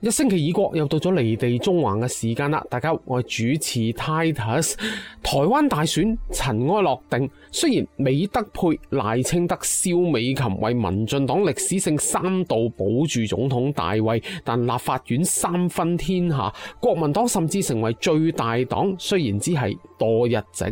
一星期已過，又到咗離地縱橫嘅時間啦！大家，我係主持 Titus。台灣大選塵埃落定，雖然美德配、賴清德、蕭美琴為民進黨歷史性三度保住總統大位，但立法院三分天下，國民黨甚至成為最大黨，雖然只係多一席。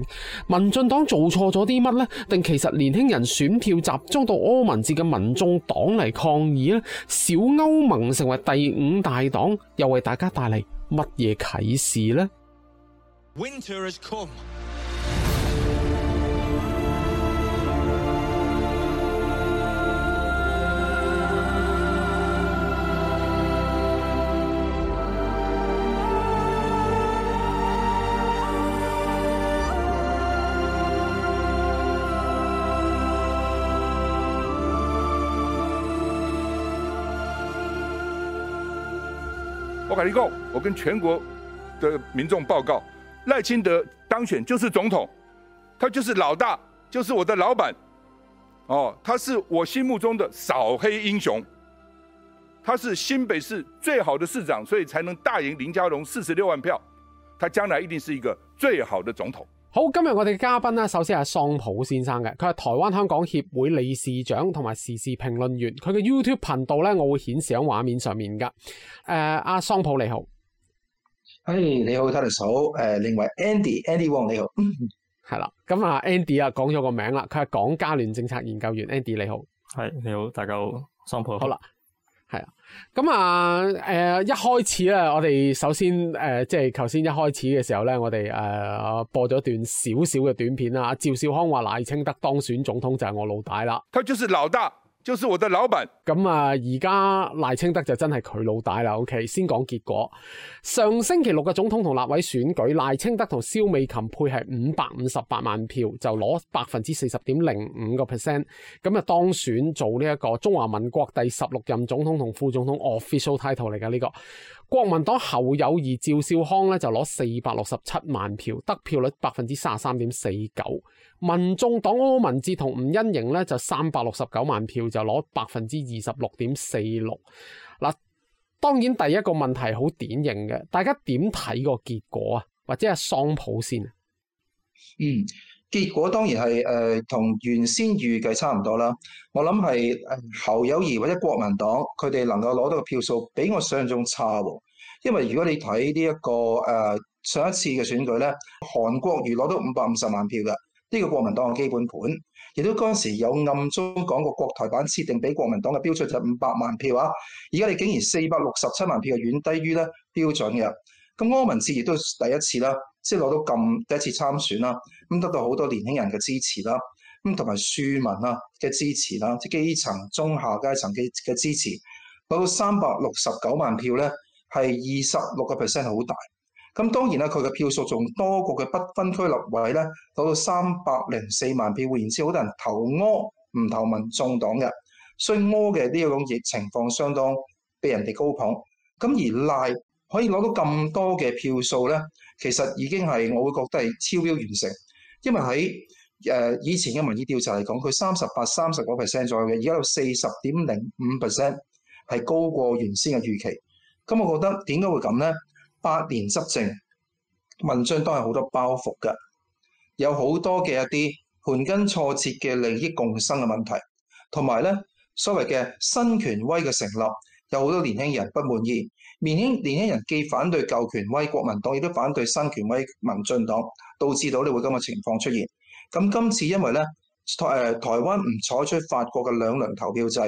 民進黨做錯咗啲乜呢？定其實年輕人選票集中到柯文哲嘅民眾黨嚟抗議呢？小歐盟成為第五大？黨又為大家帶嚟乜嘢啟示呢？我跟全國的民眾報告，賴清德當選就是總統，他就是老大，就是我的老闆哦，他是我心目中的掃黑英雄，他是新北市最好的市長，所以才能大贏林佳龍四十六萬票，他將來一定是一個最好的總統。好，今日我哋嘅嘉賓咧，首先係桑普先生嘅，佢係台灣香港協會理事長同埋時事評論員，佢嘅 YouTube 頻道咧，我會顯示喺畫面上面噶。誒、呃，阿桑普你好，誒、hey，你好，Titus 嫂，誒另外 Andy Andy Wong 你好，係啦、嗯，咁啊 Andy 啊講咗個名啦，佢係港加聯政策研究員 Andy 你好，係、hey，你好，大家好，桑普好啦。咁啊，誒、嗯呃，一開始啦，我哋首先誒、呃，即係頭先一開始嘅時候咧，我哋誒、呃、播咗段少少嘅短片啊。趙少康話賴清德當選總統就係我老大啦。佢就係老大。就是我的老闆。咁啊、嗯，而家賴清德就真係佢老大啦。OK，先講結果。上星期六嘅總統同立委選舉，賴清德同蕭美琴配係五百五十八萬票，就攞百分之四十點零五個 percent，咁啊當選做呢一個中華民國第十六任總統同副總統 official title 嚟㗎呢個。國民黨侯友宜趙少康咧就攞四百六十七萬票，得票率百分之三十三點四九。民眾黨柯文哲同吳欣盈咧就三百六十九萬票，就攞百分之二十六點四六。嗱，當然第一個問題好典型嘅，大家點睇個結果啊？或者係桑普先？嗯。結果當然係誒同原先預計差唔多啦。我諗係侯友宜或者國民黨佢哋能夠攞到嘅票數比我想像中差喎。因為如果你睇呢一個誒、呃、上一次嘅選舉咧，韓國瑜攞到五百五十萬票㗎，呢、呢個國民黨嘅基本盤，亦都嗰陣時有暗中講過國台版設定俾國民黨嘅標準就五百萬票啊。而家你竟然四百六十七萬票係遠低於咧標準嘅。咁柯文哲亦都第一次啦，即係攞到咁第一次參選啦，咁得到好多年輕人嘅支持啦，咁同埋庶民啦嘅支持啦，即基層中下階層嘅嘅支持，攞到三百六十九萬票咧，係二十六個 percent，好大。咁當然啦，佢嘅票數仲多過嘅不分區立委咧，攞到三百零四萬票。然之好多人投柯唔投民眾黨嘅，所以柯嘅呢一種疫情,情況相當畀人哋高捧。咁而賴。可以攞到咁多嘅票數呢，其實已經係我會覺得係超標完成，因為喺誒以前嘅民意調查嚟講，佢三十八、三十九 percent 左右嘅，而家有四十點零五 percent 係高過原先嘅預期。咁、嗯、我覺得點解會咁呢？八年執政，文章都係好多包袱㗎，有好多嘅一啲盤根錯節嘅利益共生嘅問題，同埋呢所謂嘅新權威嘅成立，有好多年輕人不滿意。年輕年輕人既反對舊權威國民黨，亦都反對新權威民進黨，導致到咧會咁嘅情況出現。咁今次因為咧，誒台灣唔採取法國嘅兩輪投票制，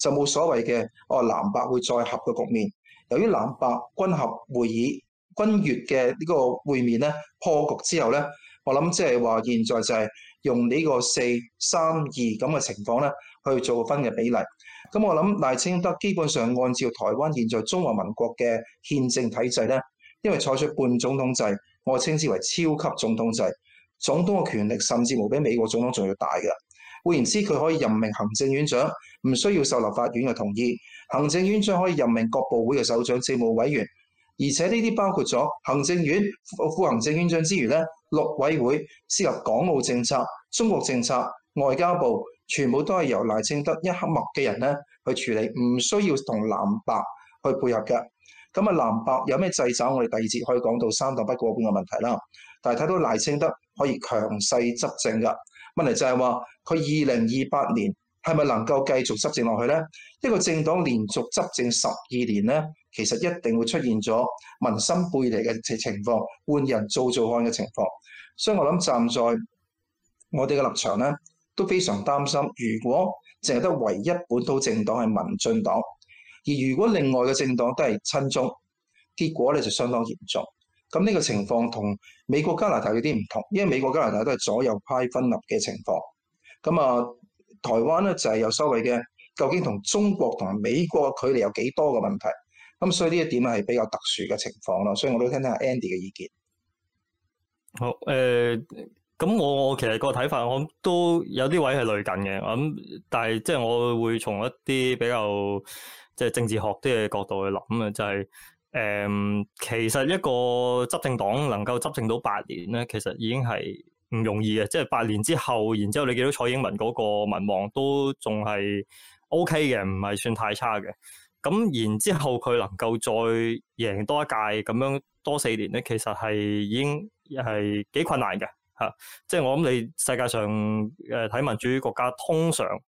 就冇所謂嘅哦藍白會再合嘅局面。由於藍白均合會議君悅嘅呢個會面咧破局之後咧，我諗即係話現在就係用呢個四三二咁嘅情況咧去做分嘅比例。咁我諗賴清德基本上按照台灣現在中華民國嘅憲政體制咧，因為採取半總統制，我稱之為超級總統制，總統嘅權力甚至乎比美國總統仲要大嘅。換言之，佢可以任命行政院長，唔需要受立法院嘅同意；行政院長可以任命各部會嘅首長、政務委員，而且呢啲包括咗行政院副行政院長之餘咧，陸委會涉及港澳政策、中國政策、外交部。全部都係由賴清德一黑幕嘅人咧去處理，唔需要同藍白去配合嘅。咁啊，藍白有咩掣肘？我哋第二節可以講到三黨不過半嘅問題啦。但係睇到賴清德可以強勢執政嘅，問題就係話佢二零二八年係咪能夠繼續執政落去呢？一個政黨連續執政十二年呢，其實一定會出現咗民心背離嘅情情況，換人做做看嘅情況。所以我諗站在我哋嘅立場呢，都非常擔心，如果淨係得唯一本土政黨係民進黨，而如果另外嘅政黨都係親中，結果咧就相當嚴重。咁呢個情況同美國加拿大有啲唔同，因為美國加拿大都係左右派分立嘅情況。咁啊，台灣咧就係、是、有所謂嘅究竟同中國同埋美國距離有幾多嘅問題。咁所以呢一點係比較特殊嘅情況咯。所以我都聽聽 Andy 嘅意見。好，誒、呃。咁我我其實個睇法，我都有啲位係類近嘅。我諗，咁但係即係我會從一啲比較，即係政治學啲嘅角度去諗啊，就係、是、誒、嗯，其實一個執政黨能夠執政到八年咧，其實已經係唔容易嘅。即係八年之後，然之後你見到蔡英文嗰個民望都仲係 O K 嘅，唔係算太差嘅。咁然之後，佢能夠再贏多一屆咁樣多四年咧，其實係已經係幾困難嘅。啊！即係我諗，你世界上誒睇、呃、民主國家，通常誒、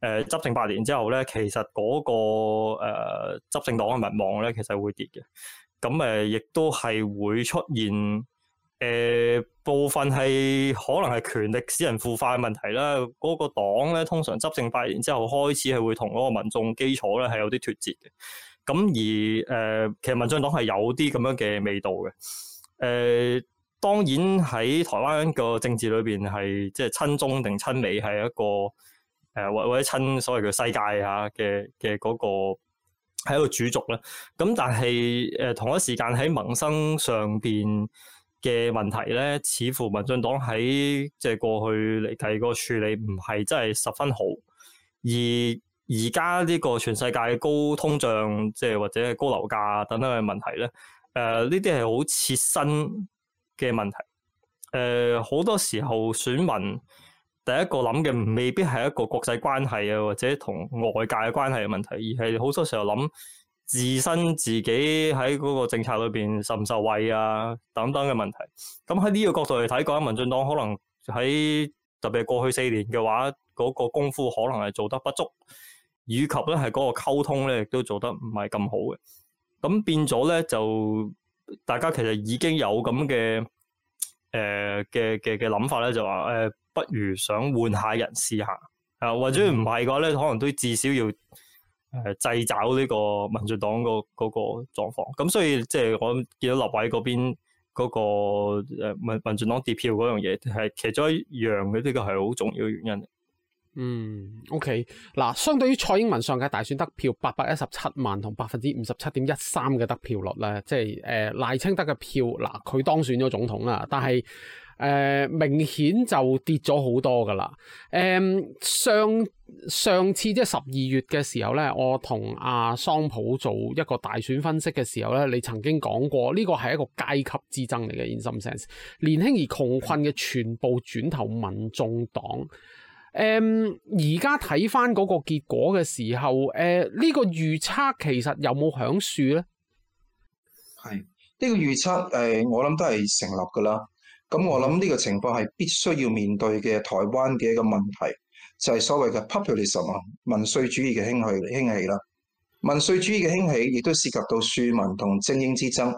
呃、執政八年之後咧，其實嗰、那個誒、呃、執政黨嘅民望咧，其實會跌嘅。咁誒，亦、呃、都係會出現誒、呃、部分係可能係權力使人腐化嘅問題啦。嗰、那個黨咧，通常執政八年之後開始係會同嗰個民眾基礎咧係有啲脫節嘅。咁而誒、呃，其實民進黨係有啲咁樣嘅味道嘅，誒、呃。當然喺台灣個政治裏邊係即係親中定親美係一個誒或、呃、或者親所謂嘅世界嚇嘅嘅嗰個係一個主軸咧，咁但係誒、呃、同一時間喺民生上邊嘅問題咧，似乎民進黨喺即係過去嚟計個處理唔係真係十分好，而而家呢個全世界高通脹，即係或者高樓價等等嘅問題咧，誒呢啲係好切身嘅問題，誒、呃、好多時候選民第一個諗嘅未必係一個國際關係啊，或者同外界嘅關係嘅問題，而係好多時候諗自身自己喺嗰個政策裏邊受唔受惠啊，等等嘅問題。咁喺呢個角度嚟睇，講緊民進黨可能喺特別係過去四年嘅話，嗰個功夫可能係做得不足，以及咧係嗰個溝通咧亦都做得唔係咁好嘅。咁變咗咧就。大家其實已經有咁嘅誒嘅嘅嘅諗法咧，就話誒、呃，不如想換下人試下，啊、呃，或者唔係嘅話咧，可能都至少要誒、呃、制找呢個民進黨個嗰、這個狀況。咁所以即係我見到立委嗰邊嗰、這個誒民民進黨跌票嗰樣嘢，係其中一樣嘅呢個係好重要嘅原因。嗯，OK，嗱，相對於蔡英文上屆大選得票八百一十七萬同百分之五十七點一三嘅得票率咧，即係，誒賴清德嘅票，嗱佢當選咗總統啦，但係誒、呃、明顯就跌咗好多噶啦。誒、呃、上上次即係十二月嘅時候咧，我同阿、啊、桑普做一個大選分析嘅時候咧，你曾經講過呢個係一個階級之爭嚟嘅，in some sense，年輕而窮困嘅全部轉投民眾黨。誒而家睇翻嗰個結果嘅時候，誒、嗯、呢、呢個預測其實有冇響樹呢？係呢、呢個預測，誒我諗都係成立噶啦。咁我諗呢個情況係必須要面對嘅台灣嘅一個問題，就係、是、所謂嘅 populism 啊，民粹主義嘅興起興起啦。民粹主義嘅興起亦都涉及到庶民同精英之爭。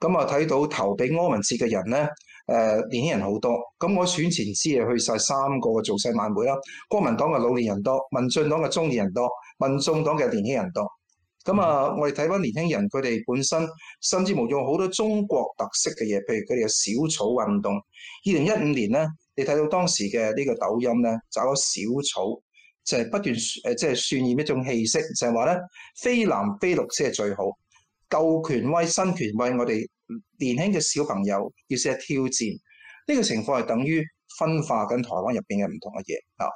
咁啊，睇到投俾柯文哲嘅人呢。誒年輕人好多，咁我選前之夜去晒三個造勢晚會啦。國民黨嘅老年人多，民進黨嘅中年人多，民眾黨嘅年輕人多。咁啊，我哋睇翻年輕人，佢哋本身甚至乎用好多中國特色嘅嘢，譬如佢哋嘅小草運動。二零一五年咧，你睇到當時嘅呢個抖音咧，找咗小草就係、是、不斷誒，即係渲染一種氣息，就係話咧，非藍非綠先係最好。舊權威、新權威，我哋年輕嘅小朋友要試下挑戰呢、呢個情況係等於分化緊台灣入邊嘅唔同嘅嘢啊！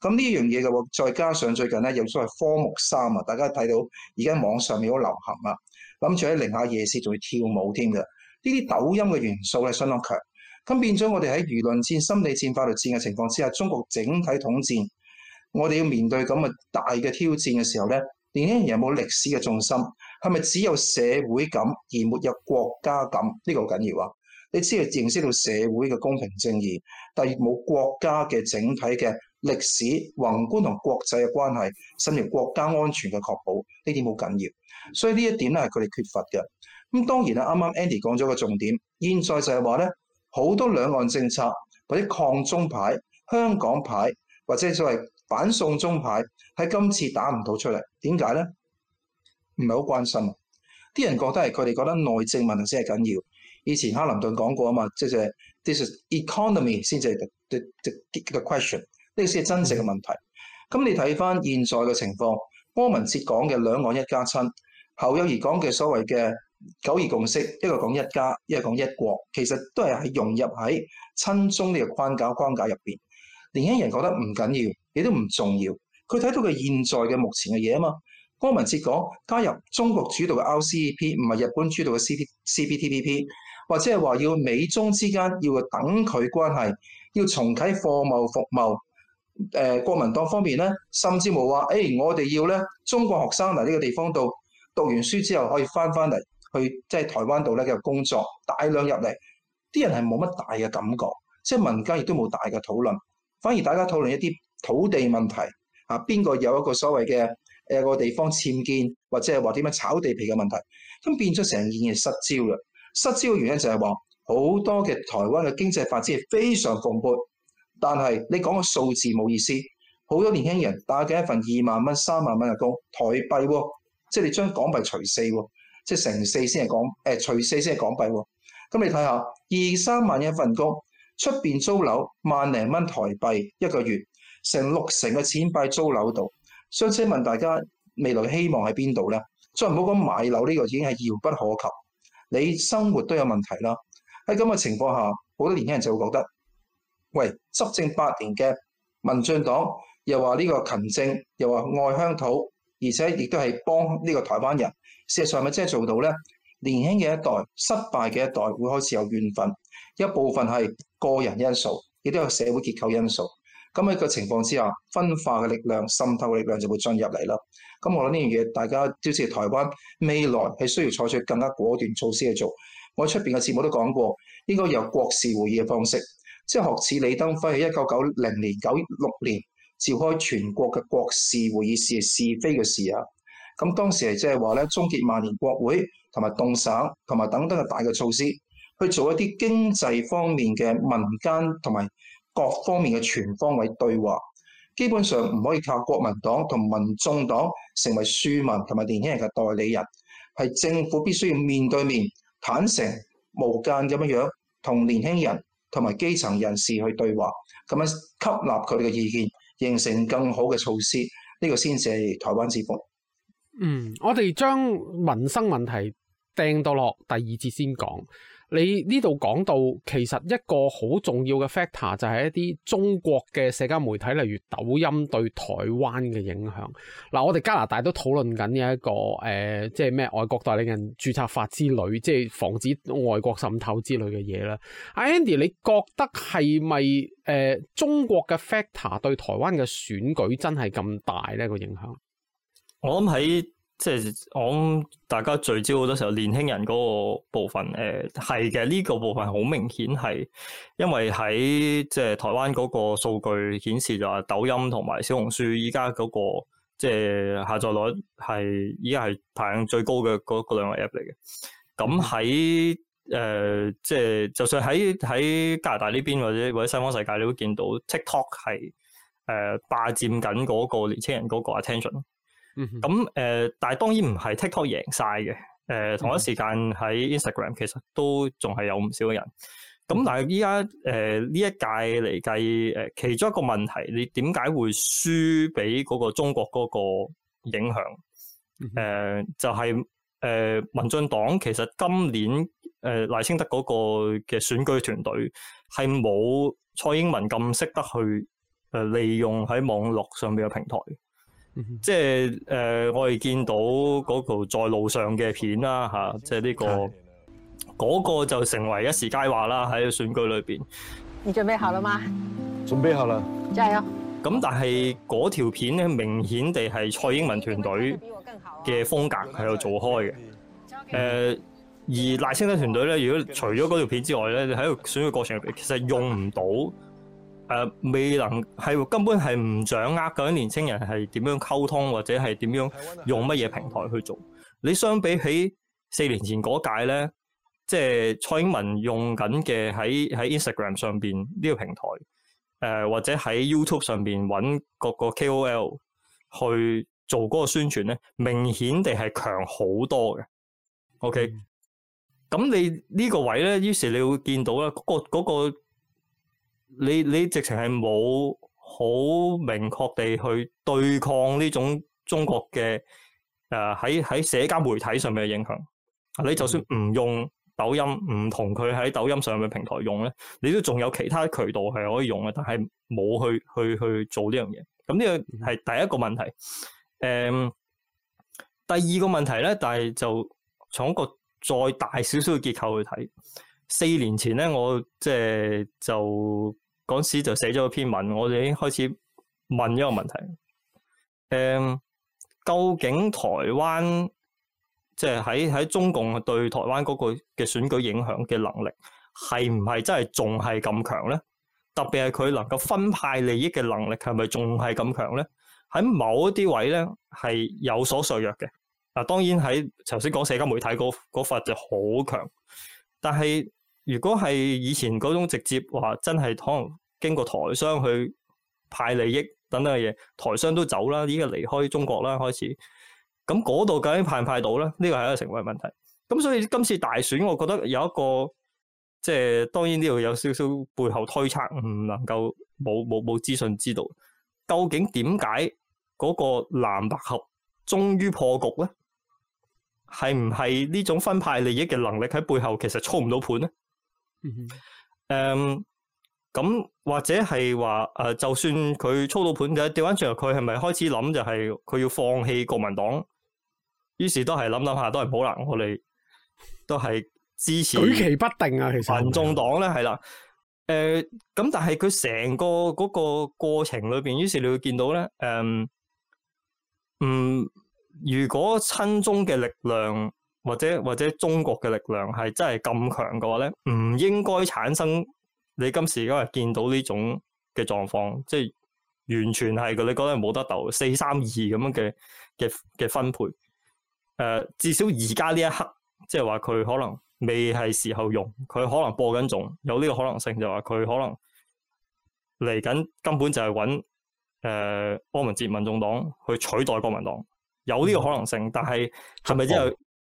咁、嗯、呢樣嘢嘅喎，再加上最近咧有所謂科目三啊，大家睇到而家網上面好流行啊，諗住喺寧夏夜市仲要跳舞添㗎，呢啲抖音嘅元素係相當強，咁變咗我哋喺輿論戰、心理戰、法律戰嘅情況之下，中國整體統戰，我哋要面對咁嘅大嘅挑戰嘅時候咧。年輕人有冇歷史嘅重心，係咪只有社會感而沒有國家感？呢個好緊要啊！你只要認識到社會嘅公平正義，但係冇國家嘅整體嘅歷史宏觀同國際嘅關係，甚至國家安全嘅確保，呢啲好緊要。所以呢一點咧係佢哋缺乏嘅。咁當然啦，啱啱 Andy 講咗個重點，現在就係話咧，好多兩岸政策或者抗中牌、香港牌或者所謂反送中牌喺今次打唔到出嚟，點解呢？唔係好關心，啲人覺得係佢哋覺得內政問題先係緊要。以前克林頓講過啊嘛，即係 This is economy 先至 the, the the the question，呢個先係真正嘅問題。咁你睇翻現在嘅情況，柯文哲講嘅兩岸一家親，侯友宜講嘅所謂嘅九二共識，一個講一家，一個講一國，其實都係喺融入喺親中呢個框架框架入邊。年輕人覺得唔緊要。亦都唔重要，佢睇到佢現在嘅目前嘅嘢啊嘛。柯文哲講加入中國主導嘅 RCEP，唔係日本主導嘅 CPTPP，或者係話要美中之間要等佢關係要重啟貨貿服貿。誒、呃，國民黨方面咧，甚至冇話誒，我哋要咧中國學生嚟呢個地方度讀完書之後可以翻翻嚟去即係台灣度咧繼續工作，大量入嚟啲人係冇乜大嘅感覺，即係民間亦都冇大嘅討論，反而大家討論一啲土地問題啊，邊個有一個所謂嘅誒個地方僭建，或者係話點樣炒地皮嘅問題，咁變咗成件事失焦啦。失焦嘅原因就係話好多嘅台灣嘅經濟發展係非常蓬勃，但係你講個數字冇意思。好多年輕人打緊一份二萬蚊、三萬蚊嘅工台幣喎、哦，即係你將港幣除四喎，即係乘四先係港誒、呃、除四先係港幣喎、哦。咁你睇下二三萬一份工，出面租樓萬零蚊台幣一個月。成六成嘅錢擺喺租樓度，想請問大家未來嘅希望喺邊度呢？再唔好講買樓呢個已經係遙不可及，你生活都有問題啦。喺咁嘅情況下，好多年輕人就會覺得，喂，執政八年嘅民進黨，又話呢個勤政，又話愛鄉土，而且亦都係幫呢個台灣人，事實上係咪真係做到呢？年輕嘅一代，失敗嘅一代，會開始有怨憤，一部分係個人因素，亦都有社會結構因素。咁嘅個情況之下，分化嘅力量、滲透嘅力量就會進入嚟啦。咁我諗呢樣嘢，大家尤其是台灣未來係需要採取更加果斷措施去做。我喺出邊嘅節目都講過，應該由國事會議嘅方式，即係學似李登輝喺一九九零年、九六年召開全國嘅國事會議，是是非嘅事啊。咁當時係即係話咧，終結萬年國會同埋凍省同埋等等嘅大嘅措施，去做一啲經濟方面嘅民間同埋，各方面嘅全方位對話，基本上唔可以靠國民黨同民眾黨成為庶民同埋年輕人嘅代理人，係政府必須要面對面、坦誠、無間咁樣樣同年輕人同埋基層人士去對話，咁樣吸納佢哋嘅意見，形成更好嘅措施，呢個先至係台灣之風。嗯，我哋將民生問題掟到落第二節先講。你呢度講到其實一個好重要嘅 factor 就係一啲中國嘅社交媒體，例如抖音對台灣嘅影響嗱。我哋加拿大都討論緊呢一個誒、呃，即係咩外國代理人註冊法之類，即係防止外國滲透之類嘅嘢啦。阿 Andy，你覺得係咪誒中國嘅 factor 對台灣嘅選舉真係咁大呢個影響？我諗喺。即係我諗大家聚焦好多時候年輕人嗰個部分，誒係嘅呢個部分好明顯係，因為喺即係台灣嗰個數據顯示就話抖音同埋小紅書依家嗰個即係下載率係依家係排行最高嘅嗰嗰兩個 app 嚟嘅。咁喺誒即係就算喺喺加拿大呢邊或者或者西方世界你都見到 TikTok 係誒、呃、霸佔緊嗰個年輕人嗰個 attention。咁誒、呃，但係當然唔係 TikTok 贏晒嘅誒、呃，同一時間喺 Instagram 其實都仲係有唔少人咁。但係依家誒呢一屆嚟計誒，其中一個問題，你點解會輸俾嗰個中國嗰個影響誒、呃？就係、是、誒、呃、民進黨其實今年誒賴、呃、清德嗰個嘅選舉團隊係冇蔡英文咁識得去誒利用喺網絡上邊嘅平台。即係誒、呃，我哋見到嗰條在路上嘅片啦吓、啊，即係呢、這個嗰、那個就成為一時佳話啦喺選舉裏邊。你準備好了嗎？準備下啦，真係啊。咁、嗯、但係嗰條片咧，明顯地係蔡英文團隊嘅風格喺度做開嘅。誒、嗯呃，而賴清德團隊咧，如果除咗嗰條片之外咧，喺個選舉過程入邊其實用唔到。誒、呃、未能係根本係唔掌握嗰年青人係點樣溝通，或者係點樣用乜嘢平台去做？你相比起四年前嗰屆咧，即係蔡英文用緊嘅喺喺 Instagram 上邊呢個平台，誒、呃、或者喺 YouTube 上邊揾各個 KOL 去做嗰個宣傳咧，明顯地係強好多嘅。OK，咁你呢個位咧，於是你會見到啦、嗰個，嗰、嗰個你你直情係冇好明確地去對抗呢種中國嘅誒喺喺社交媒體上面嘅影響。你就算唔用抖音，唔同佢喺抖音上面嘅平台用咧，你都仲有其他渠道係可以用嘅，但係冇去去去做呢樣嘢。咁呢個係第一個問題。誒、嗯，第二個問題咧，但係就從一個再大少少嘅結構去睇，四年前咧，我即係就。嗰時就寫咗一篇文，我哋已經開始問一個問題。誒、嗯，究竟台灣即係喺喺中共對台灣嗰個嘅選舉影響嘅能力，係唔係真係仲係咁強咧？特別係佢能夠分派利益嘅能力，係咪仲係咁強咧？喺某一啲位咧，係有所削弱嘅。嗱，當然喺頭先講社交媒體嗰嗰發就好強，但係。如果係以前嗰種直接話真係可能經過台商去派利益等等嘅嘢，台商都走啦，已經離開中國啦，開始咁嗰度，究竟派唔派到咧？呢個係一個成為問題。咁所以今次大選，我覺得有一個即係、就是、當然呢度有少少背後推測，唔能夠冇冇冇資訊知道究竟點解嗰個藍白合終於破局咧？係唔係呢種分派利益嘅能力喺背後其實操唔到盤咧？嗯，誒、mm，咁、hmm. um, 或者係話誒，就算佢操到盤嘅，調翻轉頭，佢係咪開始諗就係佢要放棄國民黨？於是都係諗諗下，都係好啦，我哋都係支持。舉棋不定啊，其實民眾黨咧係啦，誒，咁但係佢成個嗰個過程裏邊，於是你會見到咧，誒，嗯，如果親中嘅力量。或者或者中國嘅力量係真係咁強嘅話咧，唔應該產生你今時今日見到呢種嘅狀況，即係完全係佢你覺得冇得鬥四三二咁樣嘅嘅嘅分配。誒、呃，至少而家呢一刻，即係話佢可能未係時候用，佢可能播緊種，有呢個可能性，就話佢可能嚟緊根本就係揾誒歐盟接民眾黨去取代國民黨，有呢個可能性，嗯、但係係咪之後？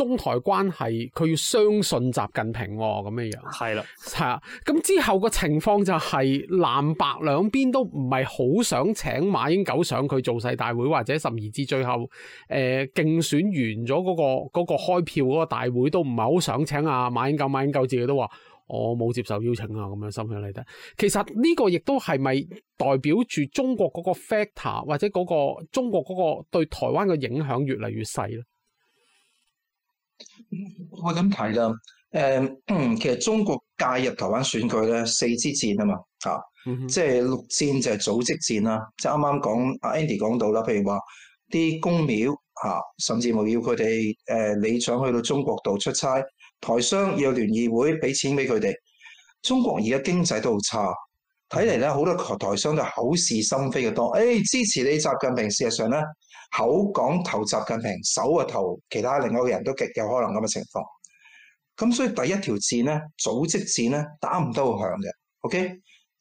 中台關係佢要相信習近平喎，哦，咁嘅樣係啦，係啊的，咁之後個情況就係、是、藍白兩邊都唔係好想請馬英九上佢造勢大會，或者甚至最後誒、呃、競選完咗嗰、那個嗰、那個、開票嗰個大會都唔係好想請啊馬英九，馬英九自己都話我冇接受邀請啊，咁樣心向嚟得。其實呢個亦都係咪代表住中國嗰個 factor 或者嗰、那個中國嗰個對台灣嘅影響越嚟越細咧？我咁睇啦，誒，其實中國介入台灣選舉咧，四支箭啊嘛，吓、嗯哼，即係六戰就係組織戰啦，即係啱啱講阿 Andy 講到啦，譬如話啲公廟吓，甚至冇要佢哋誒，你想去到中國度出差，台商要聯誼會俾錢俾佢哋，中國而家經濟都好差，睇嚟，咧好多台商都口是心非嘅多，誒、哎，支持你習近平，事實上咧。口講投習近平，手啊投其他另外嘅人都極有可能咁嘅情況。咁所以第一條戰咧，組織戰咧，打唔到好響嘅，OK。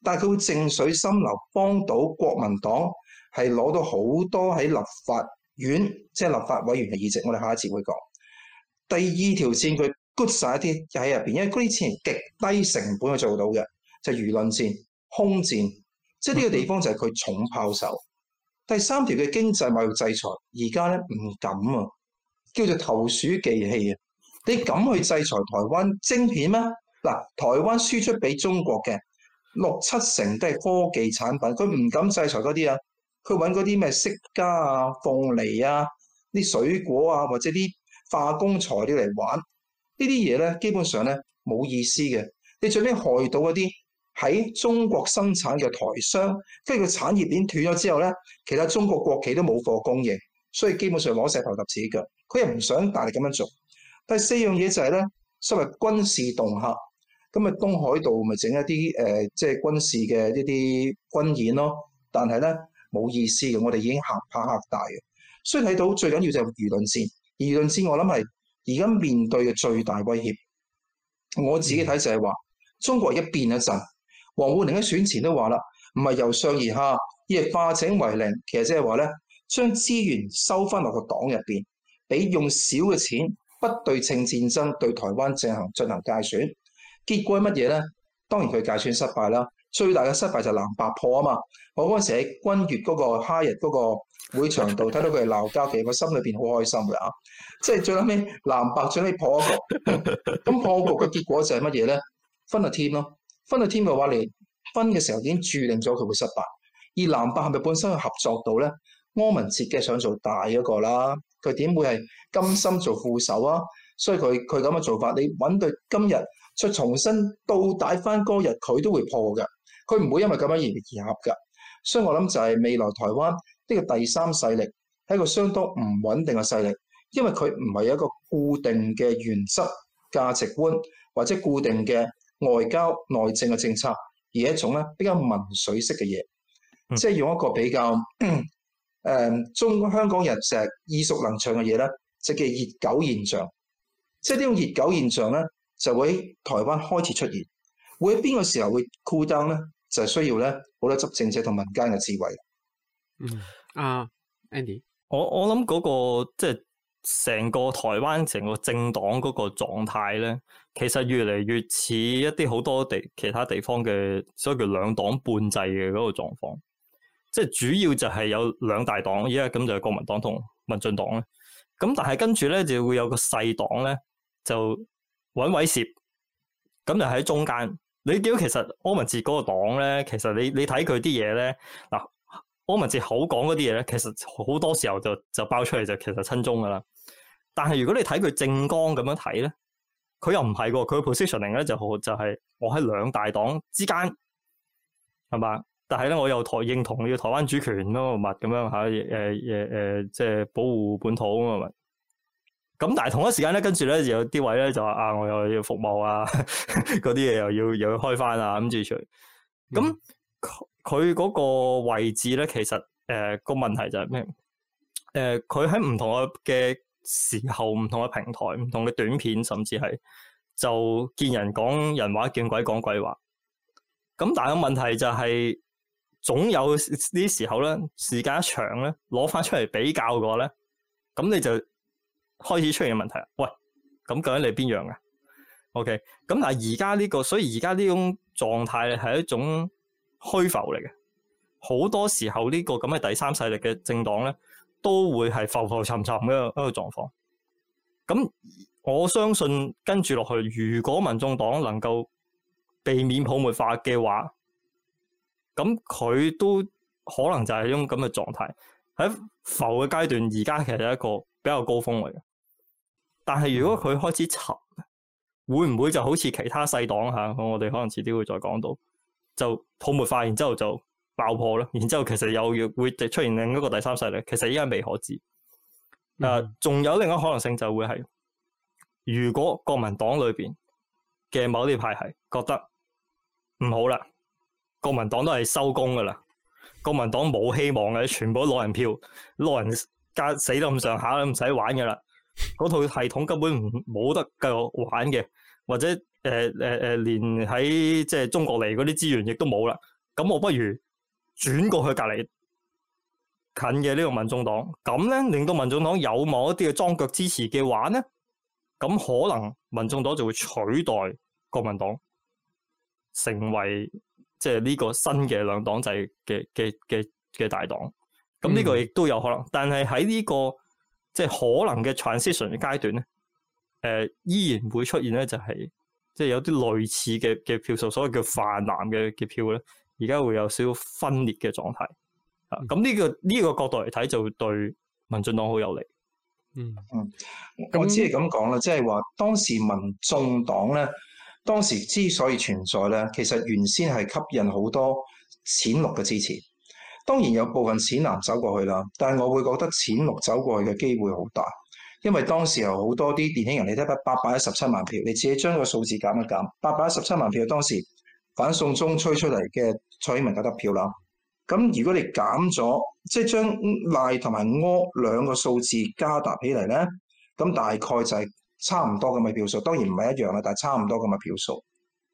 但係佢會靜水深流，幫到國民黨係攞到好多喺立法院即係、就是、立法委員嘅議席。我哋下一次會講。第二條戰佢 good 晒一啲喺入邊，因為嗰啲錢極低成本去做到嘅，就係、輿論戰、空戰，即係呢個地方就係佢重炮手。 第三條嘅經濟貿易制裁，而家咧唔敢啊，叫做投鼠忌器啊！你敢去制裁台灣晶片咩？嗱，台灣輸出俾中國嘅六七成都係科技產品，佢唔敢制裁嗰啲啊！佢揾嗰啲咩釋迦啊、鳳梨啊、啲水果啊，或者啲化工材料嚟玩呢啲嘢咧，基本上咧冇意思嘅，你最尾害到嗰啲。喺中國生產嘅台商，跟住佢產業鏈斷咗之後咧，其他中國國企都冇貨供應，所以基本上攞石頭揼自己腳。佢又唔想大力咁樣做。第四樣嘢就係、是、咧，所謂軍事恫嚇，咁啊東海度咪整一啲誒、呃，即係軍事嘅一啲軍演咯。但係咧冇意思嘅，我哋已經嚇怕嚇大嘅。所以睇到最緊要就係輿論戰，輿論戰我諗係而家面對嘅最大威脅。我自己睇就係話，嗯、中國一變一陣。王滬寧喺選前都話啦，唔係由上而下，亦係化整為零。其實即係話咧，將資源收翻落個黨入邊，俾用少嘅錢，不對稱戰爭對台灣政壇進行介選。結果係乜嘢咧？當然佢介選失敗啦。最大嘅失敗就藍白破啊嘛。我嗰陣時喺君悦嗰個哈日嗰個會場度睇到佢哋鬧交，其實我心裏邊好開心嘅啊。即係最後尾藍白最尾破， 破局，咁破局嘅結果就係乜嘢咧？分啊 team 咯。分到天嘅話，你分嘅時候已經注定咗佢會失敗。而藍白係咪本身嘅合作到呢？柯文哲嘅想做大嗰個啦，佢點會係甘心做副手啊？所以佢佢咁嘅做法，你揾對今日再重新倒帶翻嗰日，佢都會破嘅。佢唔會因為咁樣而而合嘅。所以我諗就係未來台灣呢個第三勢力係一個相當唔穩定嘅勢力，因為佢唔係一個固定嘅原則、價值觀或者固定嘅。外交內政嘅政策，而一種咧比較民粹式嘅嘢，嗯、即係用一個比較誒中香港人就係耳熟能詳嘅嘢咧，即、就是、叫熱狗現象。即係呢種熱狗現象咧，就會喺台灣開始出現，會喺邊個時候會 cool down 咧，就係、是、需要咧好多執政者同民間嘅智慧。嗯啊、uh，Andy，我我諗嗰、那個即係。成個台灣成個政黨嗰個狀態咧，其實越嚟越似一啲好多地其他地方嘅，所謂叫兩黨半制嘅嗰個狀況。即係主要就係有兩大黨，依家咁就係國民黨同民進黨咧。咁但係跟住咧就會有個細黨咧，就揾位攝，咁就喺中間。你見到其實柯文哲嗰個黨咧，其實你你睇佢啲嘢咧，嗱柯文哲好講嗰啲嘢咧，其實好多時候就就爆出嚟就其實親中噶啦。但係如果你睇佢政綱咁樣睇咧，佢又唔係喎，佢嘅 positioning 咧就就係我喺兩大黨之間，係嘛？但係咧我又台認同要台灣主權咯，咁樣吓，誒誒誒，即、啊、係、啊、保護本土咁嘛。咁但係同一時間咧，跟住咧有啲位咧就話啊，我又要服務啊，嗰啲嘢又要又要開翻啊，咁之類。咁佢嗰個位置咧，其實誒個、呃、問題就係咩？誒、呃，佢喺唔同嘅。時候唔同嘅平台，唔同嘅短片，甚至係就見人講人話，見鬼講鬼話。咁但係個問題就係、是，總有呢時候咧，時間一長咧，攞翻出嚟比較嘅話咧，咁你就開始出現問題。喂，咁究竟你邊樣嘅？OK，咁但係而家呢個，所以而家呢種狀態係一種虛浮嚟嘅。好多時候呢、這個咁嘅第三勢力嘅政黨咧。都會係浮浮沉沉嘅一個狀況。咁我相信跟住落去，如果民眾黨能夠避免泡沫化嘅話，咁佢都可能就係一種咁嘅狀態喺浮嘅階段。而家其實係一個比較高峰嚟嘅，但係如果佢開始沉，會唔會就好似其他細黨吓，啊？我哋可能遲啲會再講到，就泡沫化，然之後就。爆破啦，然之後其實又會出現另一個第三勢力，其實依家未可知。啊、呃，仲有另一個可能性就會、是、係，如果國民黨裏邊嘅某啲派系覺得唔好啦，國民黨都係收工噶啦，國民黨冇希望嘅，全部攞人票，攞人家死到咁上下，唔使玩噶啦，嗰套系統根本唔冇得繼續玩嘅，或者誒誒誒，連喺即係中國嚟嗰啲資源亦都冇啦，咁我不如。轉過去隔籬近嘅呢個民眾黨，咁咧令到民眾黨有某一啲嘅樁腳支持嘅話咧，咁可能民眾黨就會取代國民黨成為即係呢個新嘅兩黨制嘅嘅嘅嘅大黨。咁呢個亦都有可能，嗯、但係喺呢個即係、就是、可能嘅 transition 嘅階段咧，誒、呃、依然會出現咧就係即係有啲類似嘅嘅票數，所謂叫泛藍嘅嘅票咧。而家會有少少分裂嘅狀態，啊、這個，咁呢個呢個角度嚟睇，就對民進黨好有利。嗯，我只係咁講啦，即係話當時民眾黨咧，當時之所以存在咧，其實原先係吸引好多淺綠嘅支持。當然有部分淺藍走過去啦，但係我會覺得淺綠走過去嘅機會好大，因為當時有好多啲年輕人，你睇下八百一十七萬票，你自己將個數字減一減，八百一十七萬票當時。反送中吹出嚟嘅蔡英文打得票啦，咁如果你減咗，即係將賴同埋柯兩個數字加搭起嚟咧，咁大概就係差唔多咁嘅票數。當然唔係一樣啦，但係差唔多咁嘅票數。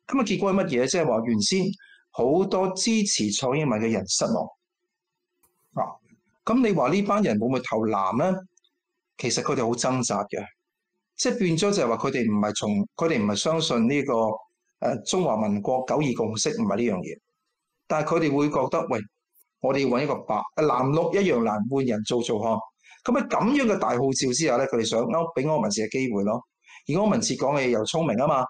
咁啊結果係乜嘢？即係話原先好多支持蔡英文嘅人失望。啊，咁你話呢班人會唔會投藍咧？其實佢哋好掙扎嘅，即係變咗就係話佢哋唔係從佢哋唔係相信呢個。誒,中華民國九二共識唔係呢樣嘢，但係佢哋會覺得喂，我哋要搵一個白誒藍綠一樣難換人做做看。咁喺咁樣嘅大號召之下咧，佢哋想勾俾柯文哲機會咯。而柯文哲講嘅嘢又聰明啊嘛，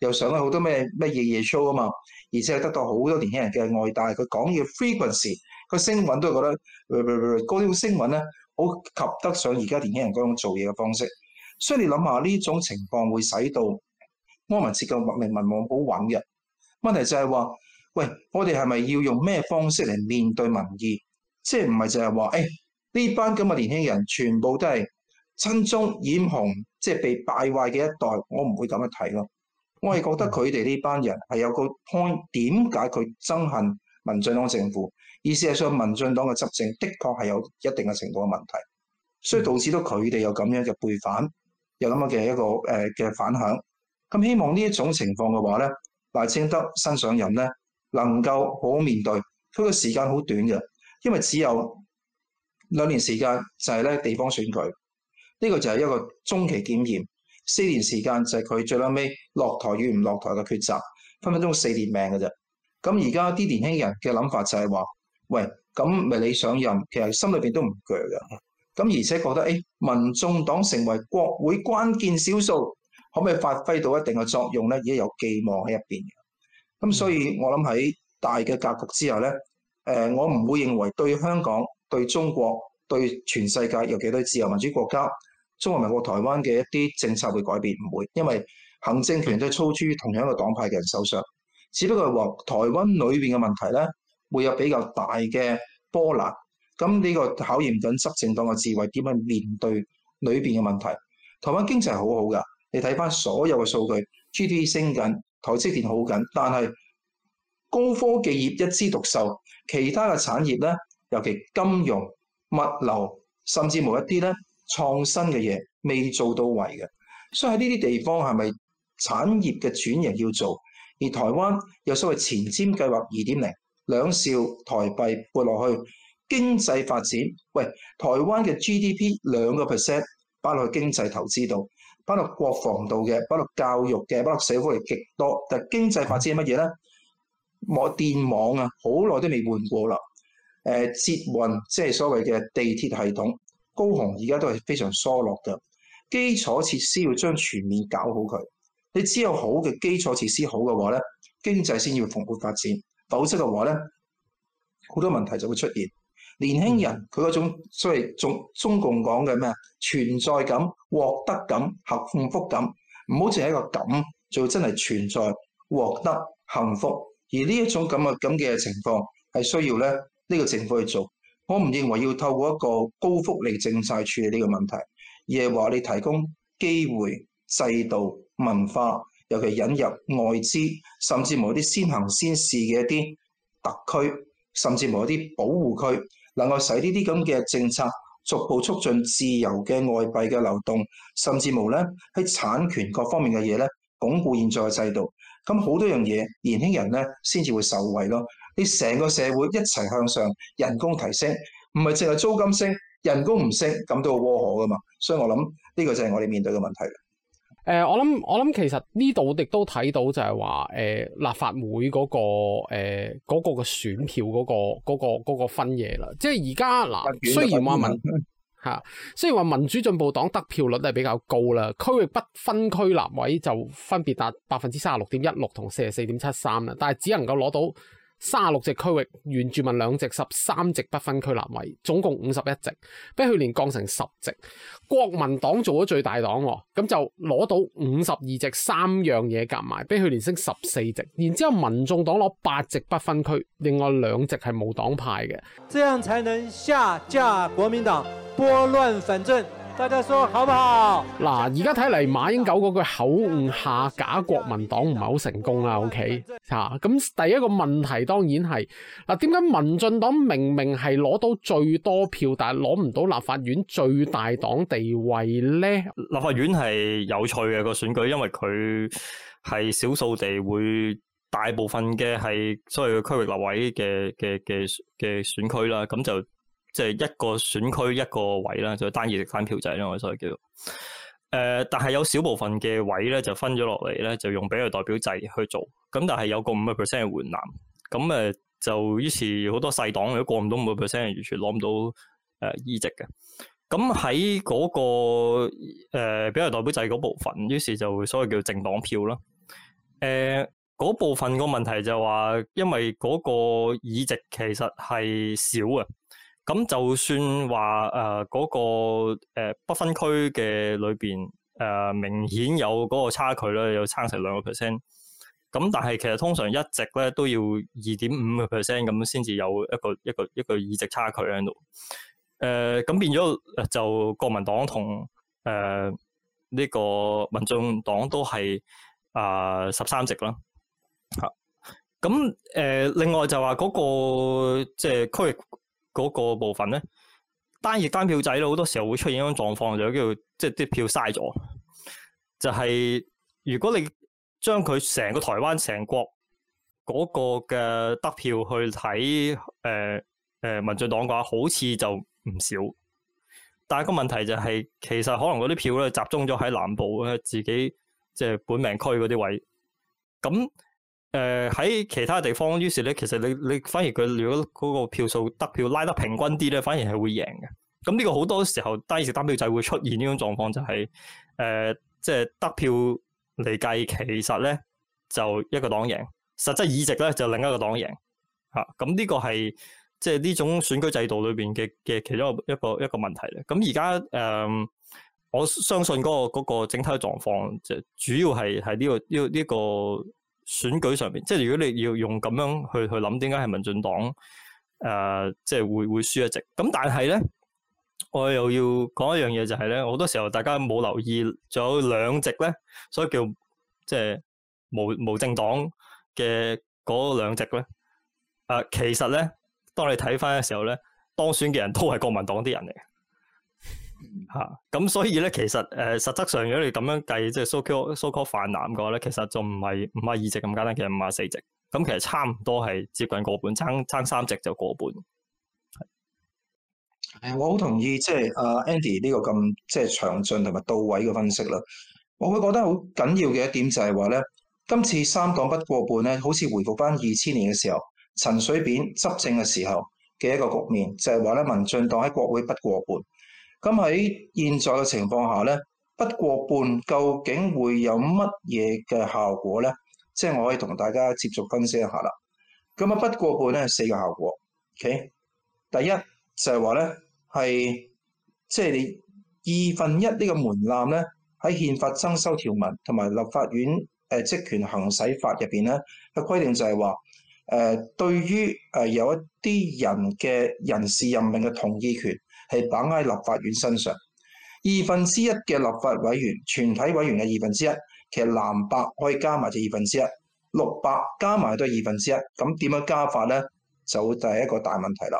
又上咗好多咩咩夜夜 show 啊嘛，而且係得到好多年輕人嘅愛戴。佢講嘢 frequency 個聲韻都係覺得嗰啲聲韻咧，好及得上而家年輕人嗰種做嘢嘅方式。所以你諗下呢種情況會使到。柯文哲嘅匿名民望好穩嘅，問題就係話：喂，我哋係咪要用咩方式嚟面對民意？即係唔係就係話，誒、哎、呢班咁嘅年輕人全部都係親中染紅，即、就、係、是、被敗壞嘅一代？我唔會咁樣睇咯。我係覺得佢哋呢班人係有個 point，點解佢憎恨民進黨政府？意思係話民進黨嘅執政的確係有一定嘅程度嘅問題，所以導致到佢哋有咁樣嘅背反，有咁嘅一個誒嘅、呃、反響。咁希望呢一種情況嘅話咧，賴清德新上任咧，能夠好好面對。佢個時間好短嘅，因為只有兩年時間，就係咧地方選舉。呢個就係一個中期檢驗。四年時間就係佢最後尾落台與唔落台嘅抉擇，分分鐘四年命嘅啫。咁而家啲年輕人嘅諗法就係話，喂，咁咪你上任，其實心裏邊都唔強。咁而且覺得，哎，民眾黨成為國會關鍵少數。可唔可以發揮到一定嘅作用咧？而家有寄望喺入邊嘅，咁，所以我諗喺大嘅格局之下咧，誒，我唔會認為對香港、對中國、對全世界，尤其對自由民主國家、中華民國台灣嘅一啲政策會改變，唔會，因為行政權都係操諸同樣一個黨派嘅人手上，只不過話台灣裏邊嘅問題咧會有比較大嘅波瀾。咁呢個考驗緊執政黨嘅智慧點樣面對裏邊嘅問題。台灣經濟係好好噶。你睇翻所有嘅數據，GDP 升緊，台積電好緊，但係高科技業一枝獨秀，其他嘅產業咧，尤其金融、物流，甚至冇一啲咧創新嘅嘢未做到位嘅，所以喺呢啲地方係咪產業嘅轉型要做？而台灣有所謂前瞻計劃二點零，兩兆台幣撥落去經濟發展，喂，台灣嘅 GDP 兩個 percent 擺落去經濟投資度。包括國防度嘅，包括教育嘅，包括社會係極多。但係經濟發展係乜嘢咧？我電網啊，好耐都未換過啦。誒，捷運即係所謂嘅地鐵系統，高雄而家都係非常疏落嘅基礎設施，要將全面搞好佢。你只有好嘅基礎設施好嘅話咧，經濟先要蓬勃發展。否則嘅話咧，好多問題就會出現。年輕人佢嗰種所謂中中共講嘅咩存在感、獲得感、幸幸福感，唔好淨係一個感，就真係存在、獲得幸福。而呢一種咁嘅咁嘅情況係需要咧呢個政府去做。我唔認為要透過一個高福利政策處理呢個問題，而係話你提供機會、制度、文化，尤其引入外資，甚至冇一啲先行先試嘅一啲特區，甚至冇一啲保護區。能夠使呢啲咁嘅政策逐步促進自由嘅外幣嘅流動，甚至無咧喺產權各方面嘅嘢咧，鞏固現在嘅制度，咁好多樣嘢年輕人咧先至會受惠咯。你成個社會一齊向上，人工提升，唔係淨係租金升，人工唔升，咁都係窩火㗎嘛。所以我諗呢個就係我哋面對嘅問題。誒、呃，我諗我諗，其實呢度亦都睇到就係話，誒，立法會嗰個，誒，嗰個嘅選票嗰個，嗰個，嗰個分野啦。即係而家嗱，雖然話民吓，雖然話民主進步黨得票率係比較高啦，區域不分區立委就分別達百分之三十六點一六同四十四點七三啦，但係只能夠攞到。三十六席區域，原住民兩席，十三席不分區立委，總共五十一席，比去年降成十席。國民黨做咗最大黨，哦，咁就攞到五十二席，三樣嘢夾埋，比去年升十四席。然之後民眾黨攞八席不分區，另外兩席係冇黨派嘅。這樣才能下架國民黨，撥亂反正。大家說好不好？嗱，而家睇嚟馬英九嗰句口誤下假國民黨唔係好成功啦。OK，吓咁第一個問題當然係嗱，點解民進黨明明係攞到最多票，但係攞唔到立法院最大黨地位咧？立法院係有趣嘅個選舉，因為佢係少數地會，大部分嘅係所謂區域立委嘅嘅嘅嘅選區啦，咁就。即係一個選區一個位啦，就是、單議席單票制啦，我所以叫誒、呃。但係有少部分嘅位咧，就分咗落嚟，咧，就用比例代表制去做。咁但係有個五個 percent 嘅緩難，咁誒就於是好多細黨都過唔到五個 percent，完全攞唔到誒、呃、議席嘅。咁喺嗰個誒、呃、比例代表制嗰部分，於是就所謂叫政黨票啦。誒、呃，嗰部分個問題就係話，因為嗰個議席其實係少啊。咁就算話誒嗰個誒不、呃、分區嘅裏邊誒、呃、明顯有嗰個差距咧，有差成兩個 percent。咁但係其實通常一席咧都要二點五個 percent 咁先至有一個一個一個議席差距喺度。誒、呃、咁變咗就國民黨同誒呢個民眾黨都係啊十三席啦。吓咁誒，另外就話嗰、嗰個即係區域。嗰個部分咧，單熱單票仔咧，好多時候會出現一種狀況，就叫即係啲票嘥咗。就係、是、如果你將佢成個台灣成國嗰個嘅得票去睇，誒、呃、誒、呃、民進黨嘅話，好似就唔少。但係個問題就係、是，其實可能嗰啲票咧集中咗喺南部咧，自己即係本命區嗰啲位，咁。誒，喺、呃、其他地方，於是咧，其實你你反而佢如果嗰個票數得票拉得平均啲咧，反而係會贏嘅。咁、嗯、呢、這個好多時候單議席單票制就會出現呢種狀況，就是呃，就係誒，即係得票嚟計，其實咧就一個黨贏，實質議席咧就另一個黨贏。吓、啊、咁、嗯、呢、這個係即係呢種選舉制度裏邊嘅嘅其中一個一個一個問題咧。咁而家誒，我相信嗰、那個嗰、那個整體嘅狀況，就主要係喺呢個呢呢個。這個這個這個選舉上面，即係如果你要用咁樣去去諗，點解係民進黨誒，即係會會輸一席？咁但係咧，我又要講一樣嘢就係、是、咧，好多時候大家冇留意，仲有兩席咧，所以叫即係無無政黨嘅嗰兩席咧。誒、呃，其實咧，當你睇翻嘅時候咧，當選嘅人都係國民黨啲人嚟。吓咁，嗯、所以咧，其實誒、呃，實質上如果你咁樣計，即係所謂所謂泛藍嘅話咧，其實就唔係唔係二席咁簡單，其實五啊四席咁，其實差唔多係接近過半，差差三席就過半。誒、哎，我好同意即係阿 Andy 呢個咁即係詳盡同埋到位嘅分析啦。我會覺得好緊要嘅一點就係話咧，今次三黨不過半咧，好似回復翻二千年嘅時候陳水扁執政嘅時候嘅一個局面，就係話咧民進黨喺國會不過半。咁喺現在嘅情況下咧，不過半究竟會有乜嘢嘅效果咧？即係我可以同大家接續分析一下啦。咁啊，不過半咧係四個效果，OK？第一就係話咧，係即係你二分一呢個門檻咧，喺憲法增修條文同埋立法院誒職權行使法入邊咧，嘅規定就係話誒對於誒有一啲人嘅人事任命嘅同意權。係綁喺立法院身上二分之一嘅立法委員，全體委員嘅二分之一，其實藍白可以加埋就二分之一，六百加埋都係二分之一。咁點樣加法呢？就會第一個大問題啦。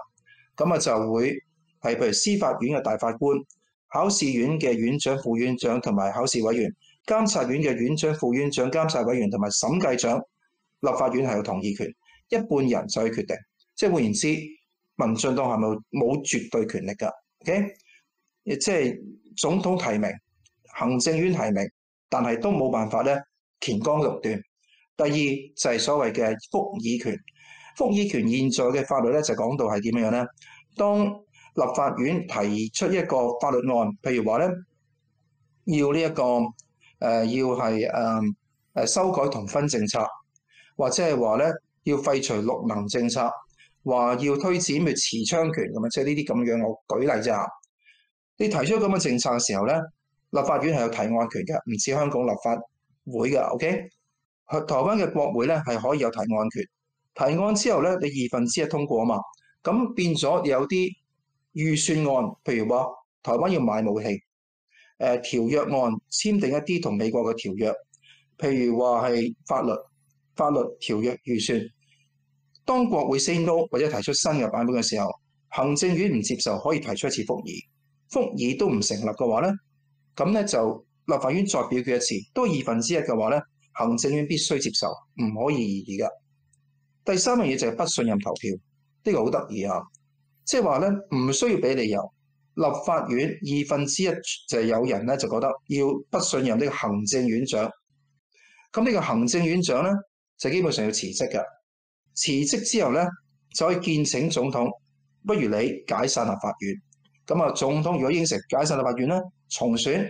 咁啊就會係譬如司法院嘅大法官、考試院嘅院長、副院長同埋考試委員、監察院嘅院長、副院長、監察委員同埋審計長，立法院係有同意權，一半人就去決定。即係換言之，民進黨係咪冇絕對權力㗎？亦、okay? 即係總統提名，行政院提名，但係都冇辦法咧乾綱獨斷。第二就係、是、所謂嘅復議權。復議權現在嘅法律咧就講到係點樣咧？當立法院提出一個法律案，譬如話咧要呢、這、一個誒、呃、要係誒誒修改同婚政策，或者係話咧要廢除綠能政策。話要推展咪持槍權咁啊，即係呢啲咁樣我舉例咋。你提出咁嘅政策嘅時候咧，立法院係有提案權嘅，唔似香港立法會嘅。OK，台灣嘅國會咧係可以有提案權。提案之後咧，你二分之一通過啊嘛。咁變咗有啲預算案，譬如話台灣要買武器，誒條約案簽訂一啲同美國嘅條約，譬如話係法律法律條約預算。當國會 say no，或者提出新嘅版本嘅時候，行政院唔接受可以提出一次覆議，覆議都唔成立嘅話咧，咁咧就立法院再表決一次，都二分之一嘅話咧，行政院必須接受，唔可以異議嘅。第三樣嘢就係不信任投票，呢個好得意啊，即係話咧唔需要俾理由，立法院二分之一就係有人咧就覺得要不信任呢個行政院長，咁呢個行政院長咧就基本上要辭職㗎。辭職之後咧，就可以建請總統，不如你解散立法院，咁啊總統如果應承解散立法院咧，重選，